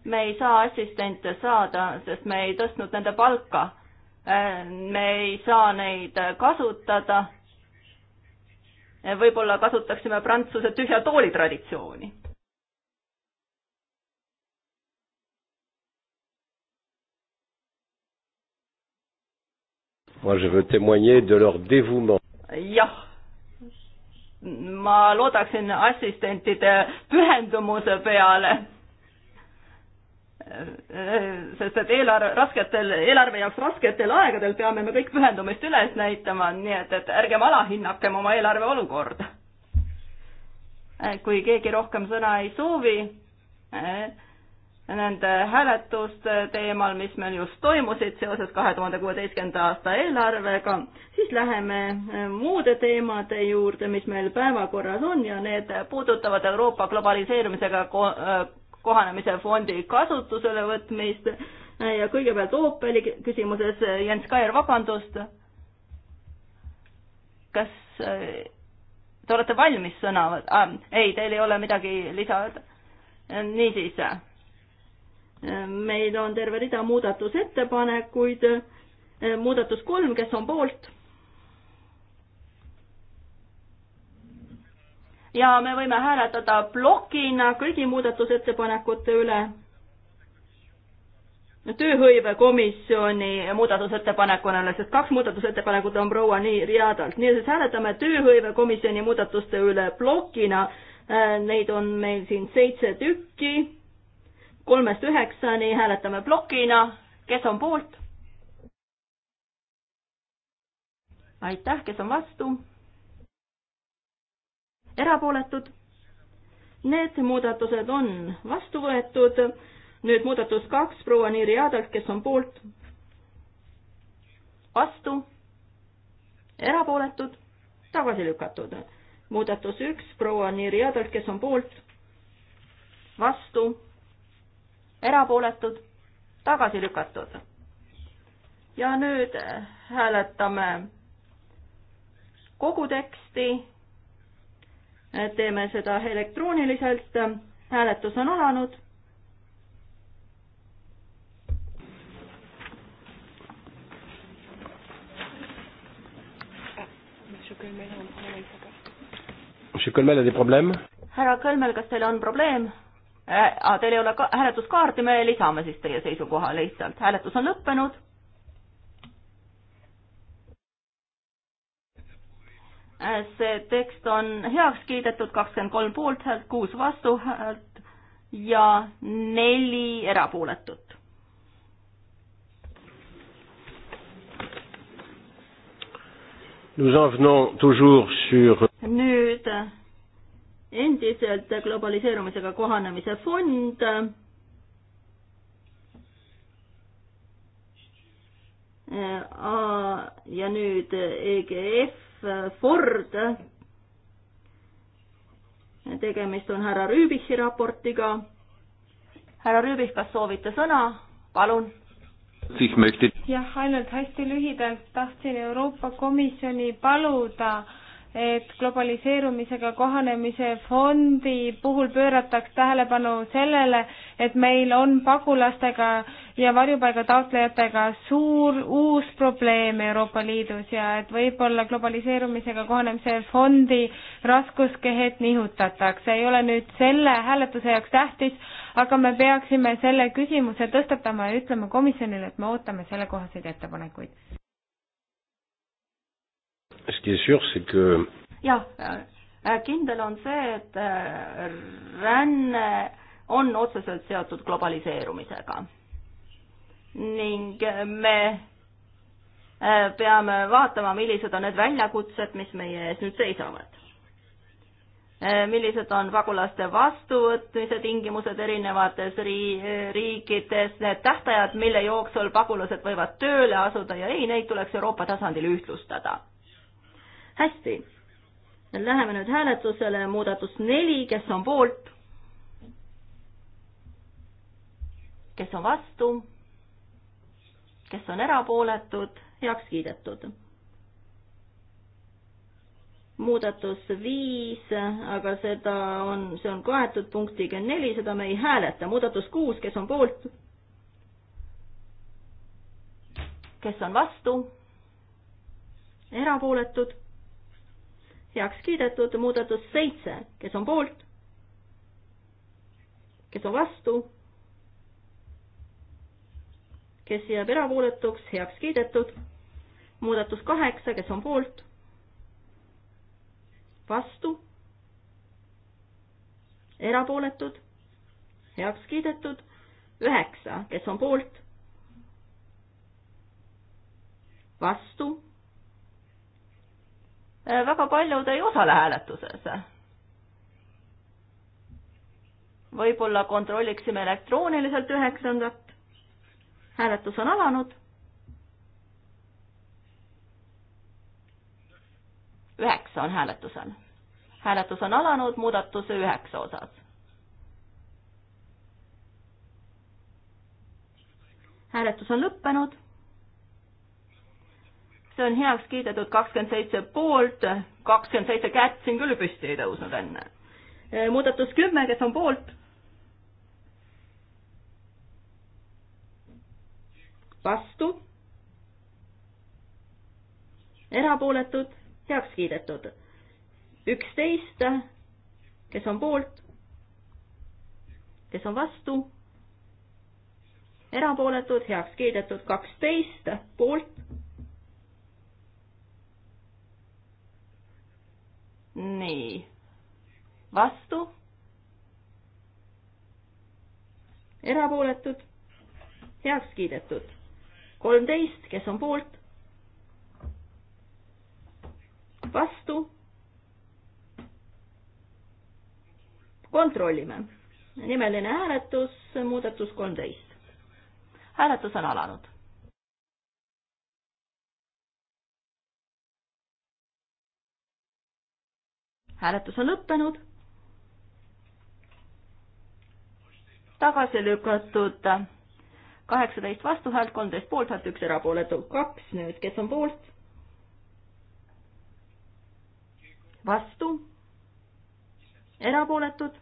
me ei saa assistente saada, sest me ei tõstnud nende palka. me ei saa neid kasutada. võib-olla kasutaksime Prantsuse tühja tooli traditsiooni. Moi, je veux témoigner de leur dévouement. Jah ma loodaksin assistentide pühendumuse peale. sest et eelarve rasketel, eelarve jaoks rasketel aegadel peame me kõik pühendumist üles näitama, nii et, et ärgem alahinnakem oma eelarve olukorda. kui keegi rohkem sõna ei soovi, nende hääletuste teemal, mis meil just toimusid seoses kahe tuhande kuueteistkümnenda aasta eelarvega, siis läheme eh, muude teemade juurde, mis meil päevakorras on ja need puudutavad Euroopa globaliseerumisega eh, kohanemise fondi kasutusele võtmist eh, ja kõigepealt Opeli küsimuses, Jens Kair, vabandust, kas te olete valmis sõna võtma ah,? ei, teil ei ole midagi lisada? niisiis meil on terve rida muudatusettepanekuid. Eh, muudatus kolm, kes on poolt? ja me võime hääletada plokina kõigi muudatusettepanekute üle. tööhõivekomisjoni muudatusettepanekuna, sest kaks muudatusettepanekut on proua nii riadalt, nii et siis hääletame tööhõivekomisjoni muudatuste üle plokina. Eh, neid on meil siin seitse tükki kolmest üheksani hääletame plokina, kes on poolt? aitäh, kes on vastu? erapooletud? Need muudatused on vastu võetud. nüüd muudatus kaks proua Niiri Adalt, kes on poolt? vastu? erapooletud? tagasi lükatud. muudatus üks proua Niiri Adalt, kes on poolt? vastu? erapooletud, tagasi lükatud. ja nüüd äh, hääletame kogu teksti. Äh, teeme seda elektrooniliselt, hääletus on alanud. härra Kõlmel, kas teil on probleem? äh,. Teil ei ole ka hääletuskaarti, me lisame siis teie seisukoha lihtsalt. hääletus on lõppenud. Äh, see tekst on heaks kiidetud, kakskümmend kolm poolthäält, kuus vastuhäält ja neli erapooletut. Nous en venons toujours sur nüüd äh, endiselt globaliseerumisega kohanemise fond. ja nüüd EGF, Ford. tegemist on härra Rüübichi raportiga. härra Rüübich, kas soovite sõna? palun jah, ainult hästi lühidalt tahtsin Euroopa Komisjoni paluda, et globaliseerumisega kohanemise fondi puhul pöörataks tähelepanu sellele, et meil on pagulastega ja varjupaigataotlejatega suur uus probleem Euroopa Liidus ja et võib-olla globaliseerumisega kohanemise fondi raskuskehed nihutatakse. ei ole nüüd selle hääletuse jaoks tähtis, aga me peaksime selle küsimuse tõstatama ja ütlema komisjonile, et me ootame sellekohaseid ettepanekuid jah, äh, kindel on see, et äh, ränne on otseselt seotud globaliseerumisega. ning äh, me peame vaatama, millised on need väljakutsed, mis meie ees nüüd seisavad. millised on pagulaste vastuvõtmise tingimused erinevates rii-, riikides, need tähtajad, mille jooksul pagulased võivad tööle asuda ja ei, neid tuleks Euroopa tasandil ühtlustada hästi, läheme nüüd hääletusele, muudatus neli, kes on poolt? kes on vastu? kes on erapooletud, heaks kiidetud muudatus viis, aga seda on, see on kaetud punktiga neli, seda me ei hääleta. muudatus kuus, kes on poolt? kes on vastu? erapooletud? heaks kiidetud, muudatus seitse, kes on poolt, kes on vastu, kes jääb erapooletuks, heaks kiidetud, muudatus kaheksa, kes on poolt, vastu, erapooletud, heaks kiidetud, üheksa, kes on poolt, vastu Eh, väga paljud ei osale hääletuses. võib-olla kontrolliksime elektrooniliselt üheksandat. hääletus on alanud. üheksa on hääletusel. hääletus on alanud muudatuse üheksa osas. hääletus on lõppenud see on heaks kiidetud kakskümmend seitse poolt, kakskümmend seitse kätt siin küll püsti ei tõusnud enne. muudatus kümme, kes on poolt? vastu? erapooletud, heaks kiidetud. üksteist, kes on poolt? kes on vastu? erapooletud, heaks kiidetud, kaksteist poolt nii, vastu, erapooletud, heaks kiidetud. kolmteist, kes on poolt, vastu, kontrollime. nimeline hääletus, muudatus kolmteist. hääletus on alanud. hääletus on lõppenud. tagasi lükatud kaheksateist vastuhäält, kolmteist poolt, häält üks erapooletu, kaks nüüd, kes on poolt? vastu, erapooletud,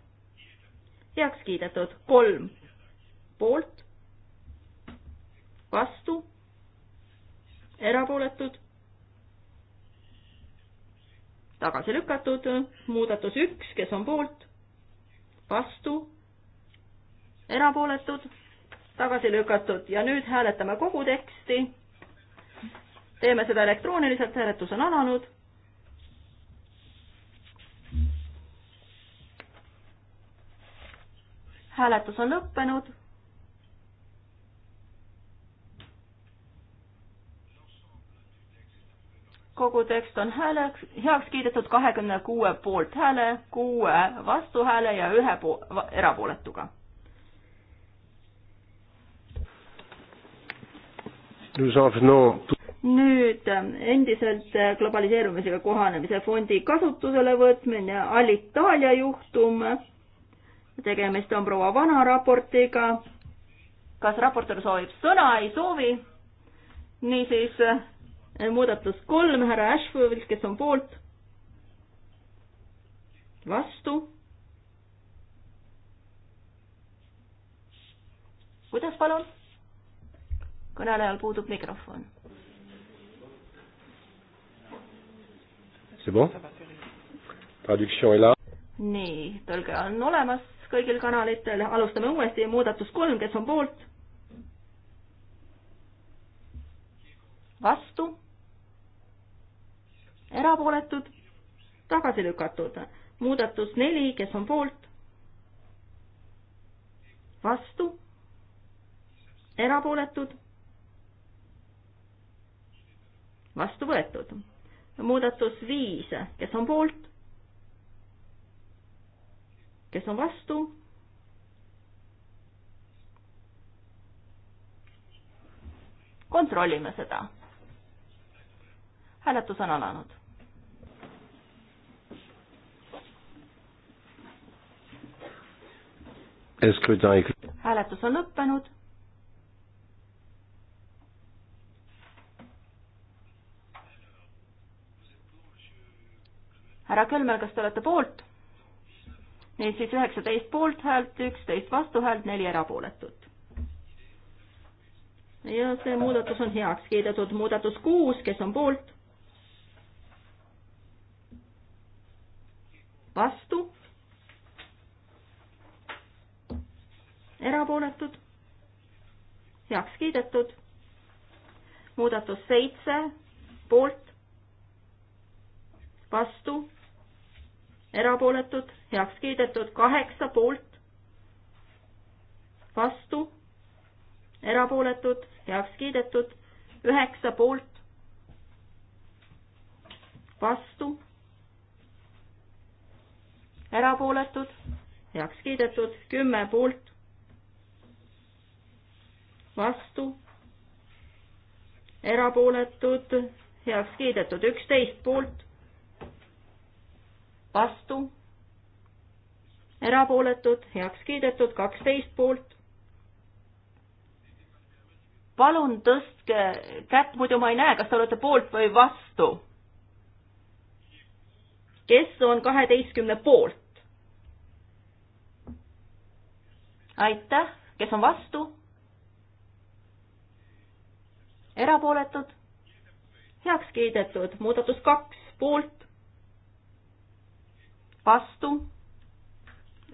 heaks kiidetud, kolm poolt, vastu, erapooletud tagasi lükatud, muudatus üks, kes on poolt, vastu, erapooletud, tagasi lükatud ja nüüd hääletame kogu teksti. teeme seda elektrooniliselt, hääletus on alanud. hääletus on lõppenud kogu tekst on hääleks, heaks kiidetud kahekümne kuue poolthääle, kuue vastuhääle ja ühe po-, erapooletuga. nüüd äh, endiselt äh, globaliseerumisega kohanemise fondi kasutusele võtmine, Alitalia juhtum, tegemist on proua Vana raportiga, kas raportöör soovib sõna, ei soovi, niisiis muudatus kolm härra Ashfield, kes on poolt, vastu. kuidas, palun? kõnelejal puudub mikrofon. see bon? traduction est là. nii, tõlge on olemas kõigil kanalitel, alustame uuesti, muudatus kolm, kes on poolt? vastu erapooletud, tagasi lükatud. muudatus neli, kes on poolt, vastu, erapooletud, vastu võetud. muudatus viis, kes on poolt, kes on vastu, kontrollime seda. hääletus on alanud. hääletus on lõppenud. härra Kölmel, kas te olete poolt? niisiis üheksateist poolthäält, üksteist vastuhäält, neli erapooletut. ja see muudatus on heaks kiidetud. muudatus kuus, kes on poolt? vastu erapooletud, heaks kiidetud. muudatus seitse, poolt, vastu, erapooletud, heaks kiidetud, kaheksa poolt, vastu, erapooletud, heaks kiidetud, üheksa poolt, vastu, erapooletud, heaks kiidetud, kümme poolt, vastu, erapooletud, heaks kiidetud, üksteist poolt, vastu, erapooletud, heaks kiidetud, kaksteist poolt. palun tõstke kätt, muidu ma ei näe, kas te olete poolt või vastu. kes on kaheteistkümne poolt? aitäh, kes on vastu? erapooletud, heaks kiidetud, muudatus kaks, poolt, vastu,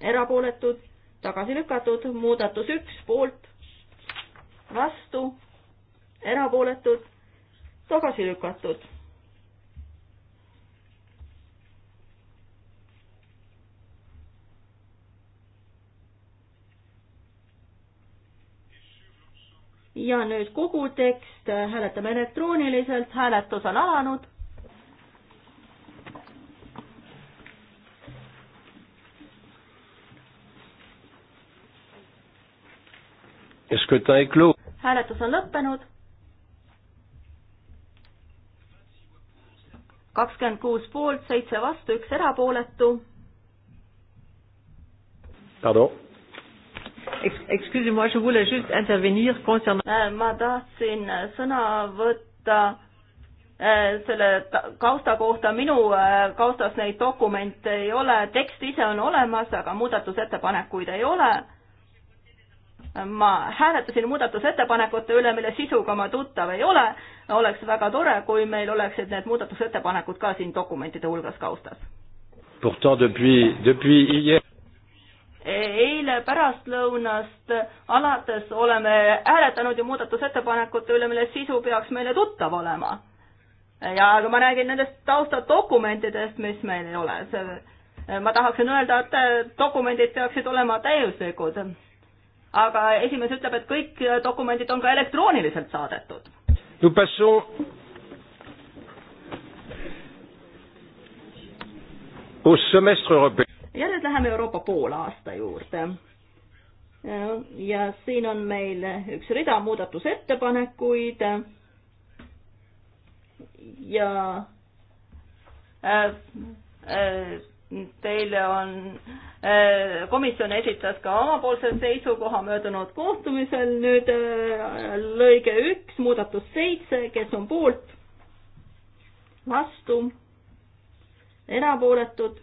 erapooletud, tagasi lükatud, muudatus üks, poolt, vastu, erapooletud, tagasi lükatud ja nüüd kogu tekst, äh, hääletame elektrooniliselt, hääletus on alanud. hääletus on lõppenud. kakskümmend kuus poolt, seitse vastu, üks erapooletu. Pardon Excusez-moi, je voulais juste intervenir concernant... Euh, ma tahtsin euh, sõna võtta euh, selle kausta kohta, minu äh, kaustas neid dokumente ei ole, tekst ise on olemas, aga muudatusettepanekuid ei ole. ma hääletasin muudatusettepanekute üle, mille sisuga ma tuttav ei ole, oleks väga tore, kui meil oleksid need muudatusettepanekud ka siin dokumentide hulgas kaustas. Pourtant depuis, depuis hier eile pärastlõunast alates oleme hääletanud ju muudatusettepanekute üle, mille sisu peaks meile tuttav olema. ja aga ma räägin nendest taustadokumentidest, mis meil ei ole, see ma tahaksin öelda, et dokumendid peaksid olema täiuslikud. aga esimees ütleb, et kõik dokumendid on ka elektrooniliselt saadetud. Au semestre européen ja nüüd läheme Euroopa poolaasta juurde. ja siin on meil üks rida muudatusettepanekuid. ja äh, äh, teile on, äh, komisjon esitas ka omapoolse seisukoha möödunud kohtumisel, nüüd äh, lõige üks, muudatus seitse, kes on poolt, vastu, erapooletud,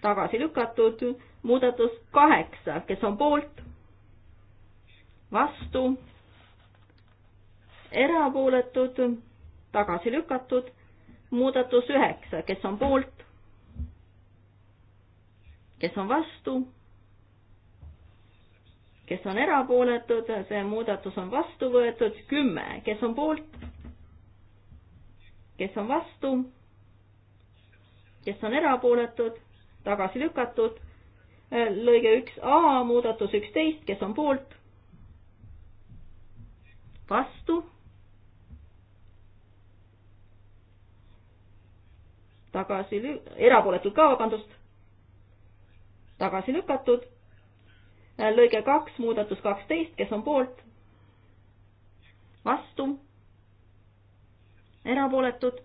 tagasi lükatud, muudatus kaheksa, kes on poolt, vastu, erapooletud, tagasi lükatud, muudatus üheksa, kes on poolt, kes on vastu, kes on erapooletud, see muudatus on vastu võetud, kümme, kes on poolt, kes on vastu, kes on erapooletud tagasi lükatud. Äh, lõige üks A, muudatus üksteist, kes on poolt? vastu. tagasi lü-, erapooletult ka, vabandust. tagasi lükatud. Äh, lõige kaks, muudatus kaksteist, kes on poolt? vastu. erapooletud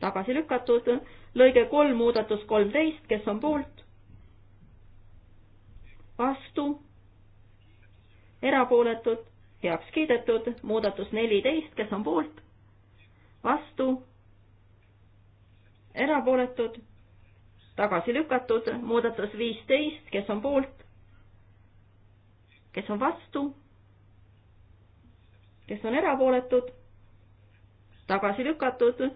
tagasi lükatud lõige kolm, muudatus kolmteist, kes on poolt? vastu? erapooletud? heaks kiidetud, muudatus neliteist, kes on poolt? vastu? erapooletud? tagasi lükatud, muudatus viisteist, kes on poolt? kes on vastu? kes on erapooletud? tagasi lükatud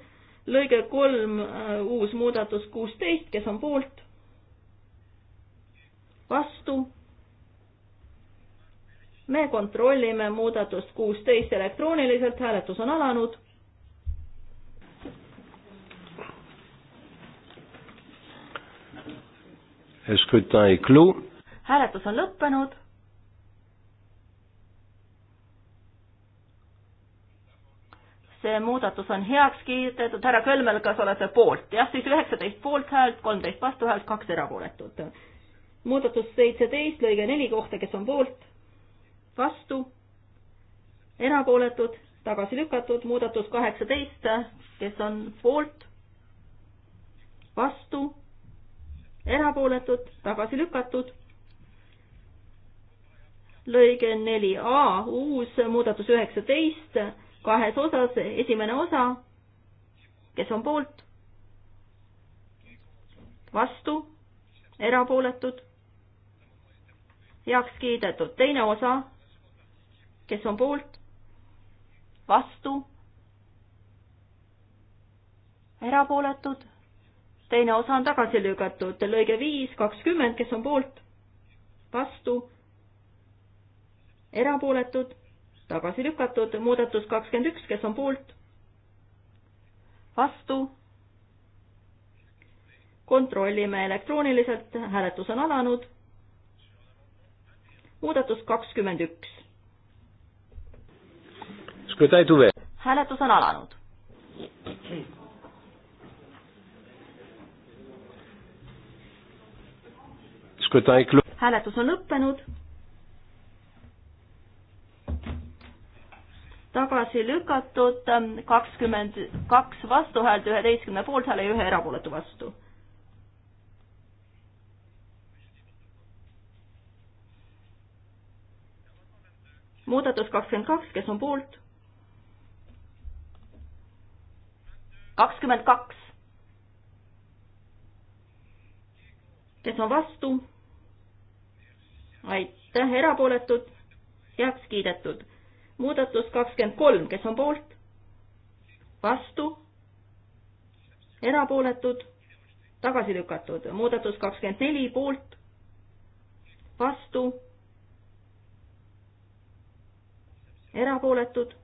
lõige kolm, äh, uus muudatus kuusteist, kes on poolt? vastu? me kontrollime muudatust kuusteist elektrooniliselt, hääletus on alanud. hääletus on lõppenud see muudatus on heaks kiidetud, härra Kölmel, kas olete poolt? jah, siis üheksateist poolthäält, kolmteist vastuhäält, kaks erapooletut. muudatus seitseteist, lõige neli kohta, kes on poolt, vastu, erapooletud, tagasi lükatud, muudatus kaheksateist, kes on poolt, vastu, erapooletud, tagasi lükatud lõige neli A, uus muudatus üheksateist, kahes osas, esimene osa, kes on poolt, vastu, erapooletud, heaks kiidetud, teine osa, kes on poolt, vastu, erapooletud, teine osa on tagasi lükatud, lõige viis, kakskümmend, kes on poolt, vastu, erapooletud tagasi lükatud, muudatus kakskümmend üks, kes on poolt? vastu? kontrollime elektrooniliselt, hääletus on alanud. muudatus kakskümmend üks. hääletus on alanud. hääletus on lõppenud tagasi lükatud, kakskümmend kaks vastuhäält üheteistkümne poolthääle ja ühe erapooletu vastu. muudatus kakskümmend kaks, kes on poolt? kakskümmend kaks. kes on vastu? aitäh, erapooletud, heaks kiidetud muudatus kakskümmend kolm, kes on poolt, vastu, erapooletud, tagasi lükatud. muudatus kakskümmend neli, poolt, vastu, erapooletud,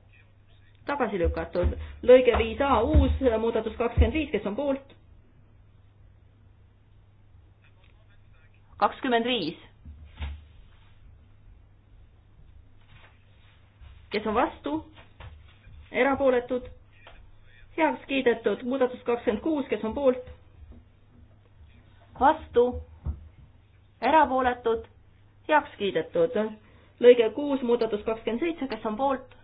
tagasi lükatud. lõige viis A uus, muudatus kakskümmend viis, kes on poolt? kakskümmend viis kes on vastu, erapooletud, heaks kiidetud, muudatus kakskümmend kuus, kes on poolt, vastu, erapooletud, heaks kiidetud. lõige kuus, muudatus kakskümmend seitse, kes on poolt,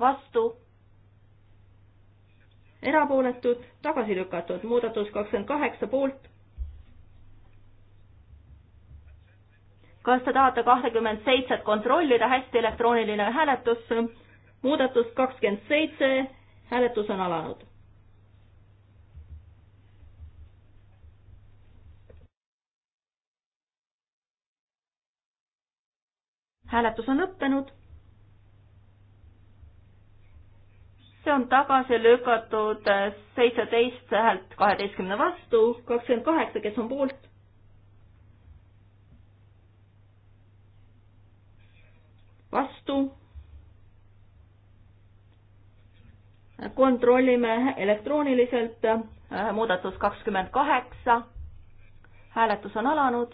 vastu, erapooletud, tagasi lükatud, muudatus kakskümmend kaheksa poolt, kas te tahate kahtekümmend seitset kontrollida, hästi, elektrooniline hääletus, muudatus kakskümmend seitse, hääletus on alanud. hääletus on lõppenud. see on tagasi lükatud seitseteist häält kaheteistkümne vastu, kakskümmend kaheksa, kes on poolt, vastu. kontrollime elektrooniliselt muudatus kakskümmend kaheksa. hääletus on alanud.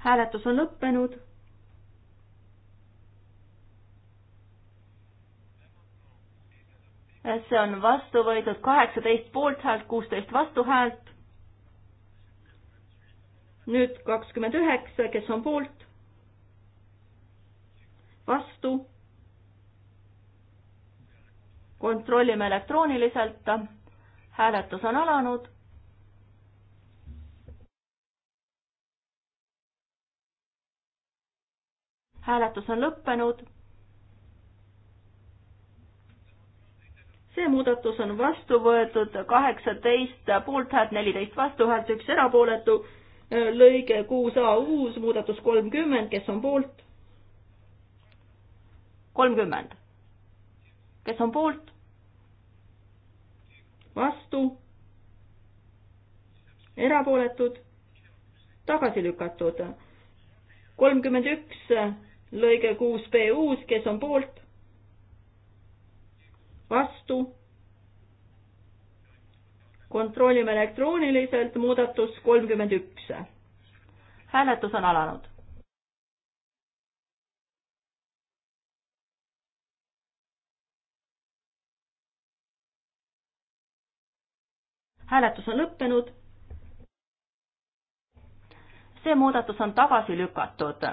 hääletus on lõppenud see on vastu võetud kaheksateist poolthäält, kuusteist vastuhäält. nüüd kakskümmend üheksa, kes on poolt? vastu. kontrollime elektrooniliselt. hääletus on alanud. hääletus on lõppenud see muudatus on vastu võetud kaheksateist poolthäält, neliteist vastuhäält, üks erapooletu, lõige kuus A uus, muudatus kolmkümmend, kes on poolt? kolmkümmend. kes on poolt? vastu? erapooletud? tagasi lükatud? kolmkümmend üks, lõige kuus B uus, kes on poolt? vastu. kontrollime elektrooniliselt, muudatus kolmkümmend üks. hääletus on alanud. hääletus on lõppenud. see muudatus on tagasi lükatud.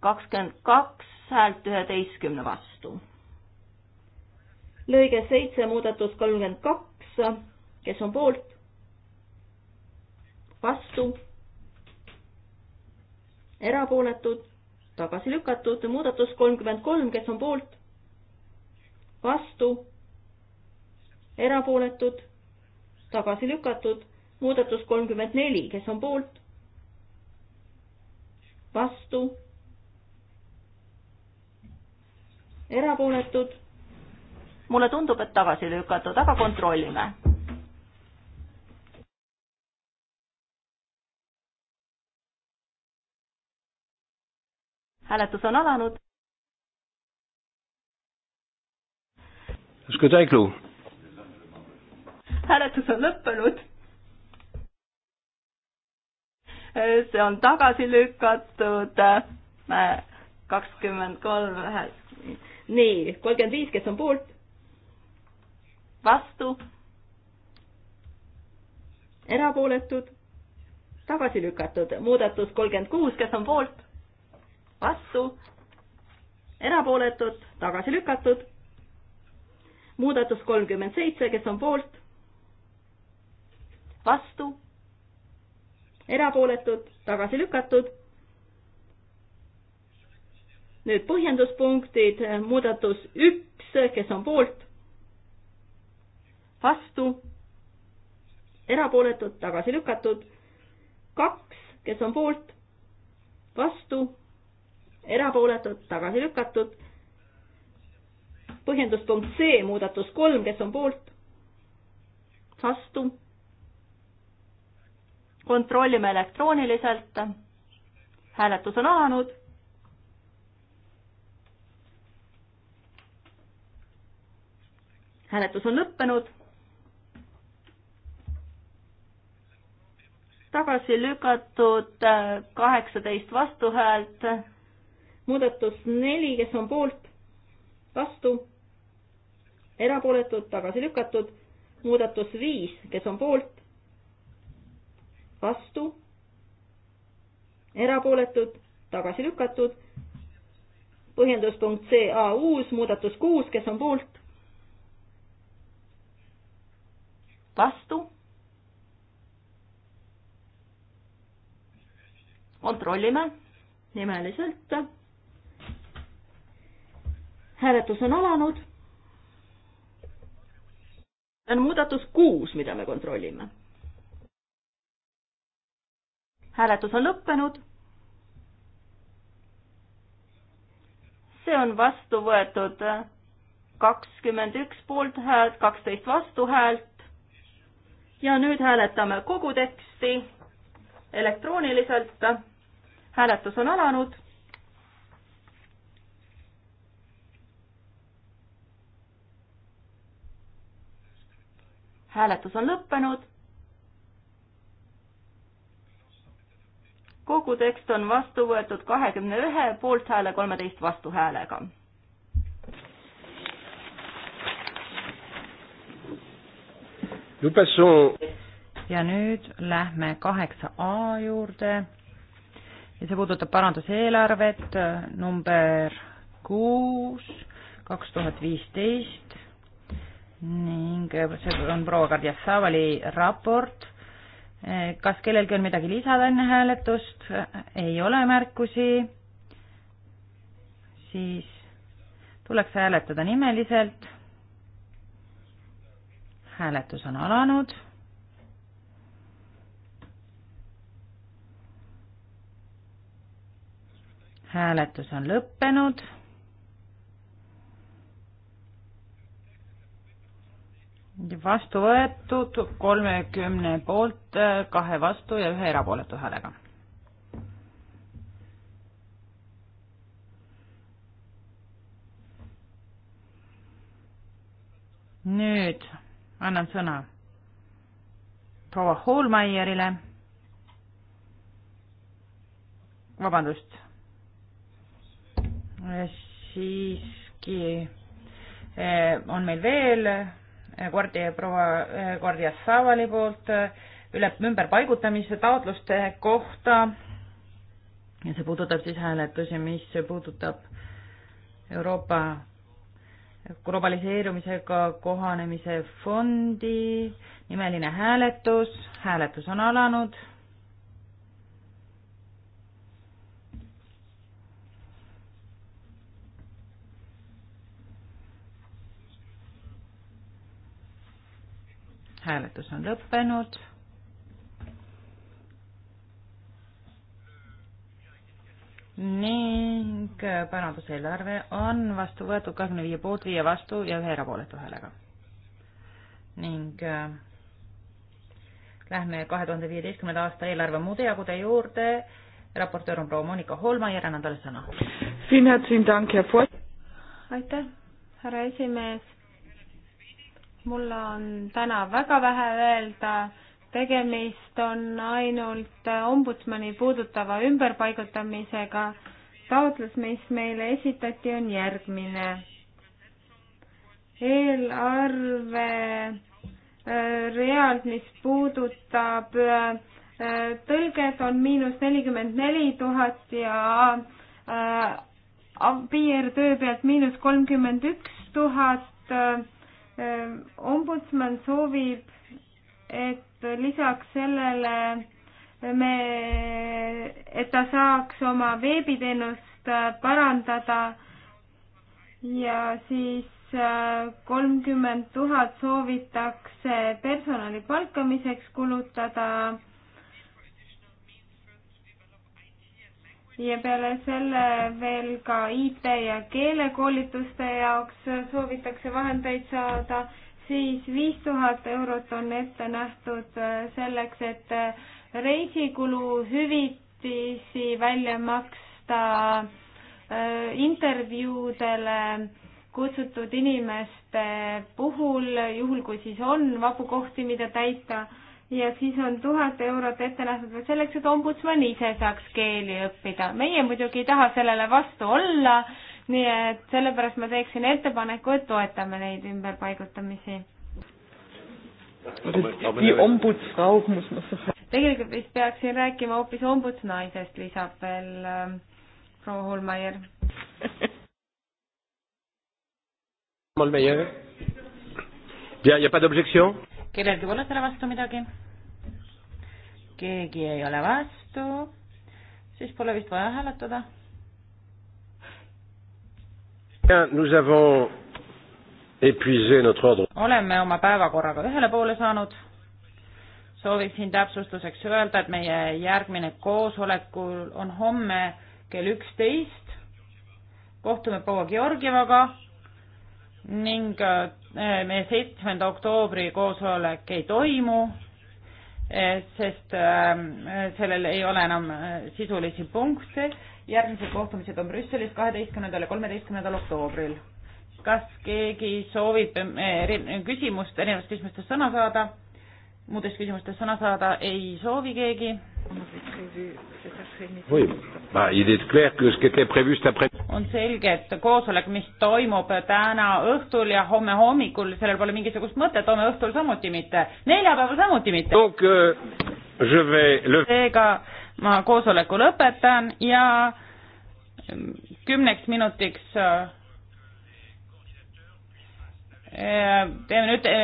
kakskümmend kaks häält üheteistkümne vastu lõige seitse, muudatus kolmkümmend kaks, kes on poolt? vastu? erapooletud? tagasi lükatud, muudatus kolmkümmend kolm, kes on poolt? vastu? erapooletud? tagasi lükatud, muudatus kolmkümmend neli, kes on poolt? vastu? erapooletud? mulle tundub, et tagasi lükatud, aga kontrollime. hääletus on alanud. hääletus on lõppenud. see on tagasi lükatud äh, kakskümmend kolm häält. nii, kolmkümmend viis, kes on poolt, vastu, erapooletud, tagasi lükatud. muudatus kolmkümmend kuus, kes on poolt, vastu, erapooletud, tagasi lükatud. muudatus kolmkümmend seitse, kes on poolt, vastu, erapooletud, tagasi lükatud. nüüd põhjenduspunktid, muudatus üks, kes on poolt vastu, erapooletud, tagasi lükatud, kaks, kes on poolt, vastu, erapooletud, tagasi lükatud, põhjenduspunkt C, muudatus kolm, kes on poolt, vastu, kontrollime elektrooniliselt, hääletus on alanud hääletus on lõppenud. tagasi lükatud kaheksateist vastuhäält. muudatus neli, kes on poolt, vastu, erapooletud, tagasi lükatud. muudatus viis, kes on poolt, vastu, erapooletud, tagasi lükatud. põhjenduspunkt CA uus, muudatus kuus, kes on poolt, vastu kontrollime nimeliselt. hääletus on alanud. see on muudatus kuus, mida me kontrollime. hääletus on lõppenud. see on vastu võetud kakskümmend üks poolthäält, kaksteist vastuhäält. ja nüüd hääletame kogu teksti elektrooniliselt hääletus on alanud. hääletus on lõppenud. kogu tekst on vastu võetud kahekümne ühe poolthääle, kolmeteist vastuhäälega. ja nüüd lähme kaheksa A juurde ja see puudutab paranduseelarvet äh, number kuus, kaks tuhat viisteist ning äh, see on proua Kardjassavali raport. Äh, kas kellelgi on midagi lisada enne hääletust? ei ole märkusi. siis tuleks hääletada nimeliselt. hääletus on alanud hääletus on lõppenud. vastu võetud kolmekümne poolt, kahe vastu ja ühe erapooletu häälega nüüd annan sõna proua Hoolmeierile. vabandust, siiski eh, on meil veel Guardia eh, proua Guardia eh, Savali poolt üle ümberpaigutamise taotluste kohta. ja see puudutab siis hääletusi, mis puudutab Euroopa globaliseerumisega kohanemise fondi nimeline hääletus. hääletus on alanud hääletus on lõppenud. ning paranduseelarve on vastu võetud kahekümne viie poolt, viie vastu ja ühe erapooletu häälega. ning äh, lähme kahe tuhande viieteistkümnenda aasta eelarve muude jagude juurde. raportöör on proua Monika Holmaier, annan talle sõna. aitäh, härra esimees mul on täna väga vähe öelda, tegemist on ainult ombudsmani puudutava ümberpaigutamisega. taotlus, mis meile esitati, on järgmine. eelarve äh, read, mis puudutab äh, tõlget, on miinus nelikümmend neli tuhat ja äh, PR töö pealt miinus kolmkümmend üks tuhat Ehm, ombudsman soovib, et lisaks sellele me, et ta saaks oma veebiteenust äh, parandada ja siis äh, kolmkümmend tuhat soovitakse personali palkamiseks kulutada ja peale selle veel ka IT ja keelekoolituste jaoks soovitakse vahendeid saada, siis viis tuhat eurot on ette nähtud äh, selleks, et äh, reisikuluhüvitisi välja maksta äh, intervjuudele kutsutud inimeste puhul, juhul kui siis on vabu kohti, mida täita ja siis on tuhat eurot ette nähtud veel selleks, et ombudsman ise saaks keeli õppida. meie muidugi ei taha sellele vastu olla, nii et sellepärast ma teeksin ettepaneku, et toetame neid ümberpaigutamisi. tegelikult vist peaksin rääkima hoopis ombudsnaisest, lisab veel äh, proua Holmeier Bien, il n'y a pas d'objection kellelgi pole selle vastu midagi? keegi ei ole vastu, siis pole vist vaja hääletada. oleme oma päevakorraga ühele poole saanud. sooviksin täpsustuseks öelda, et meie järgmine koosolekul on homme kell üksteist. kohtume proua Georgievaga ning äh, meie seitsmenda oktoobri koosolek ei toimu, eh, sest ähm, sellel ei ole enam äh, sisulisi punkte. järgmised kohtumised on Brüsselis kaheteistkümnendal ja kolmeteistkümnendal oktoobril. kas keegi soovib eh, küsimust, erinevatest küsimustest sõna saada? muudest küsimustest sõna saada ei soovi keegi on selge, et koosolek, mis toimub täna õhtul ja homme hommikul, sellel pole mingisugust mõtet, homme õhtul samuti mitte, neljapäeval samuti mitte. Euh, seega ma koosoleku lõpetan ja ähm, kümneks minutiks äh, äh, teeme nüüd, äh,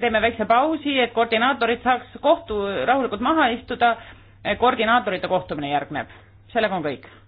teeme väikse pausi, et koordinaatorid saaks kohtu rahulikult maha istuda, koordinaatorite kohtumine järgneb, sellega on kõik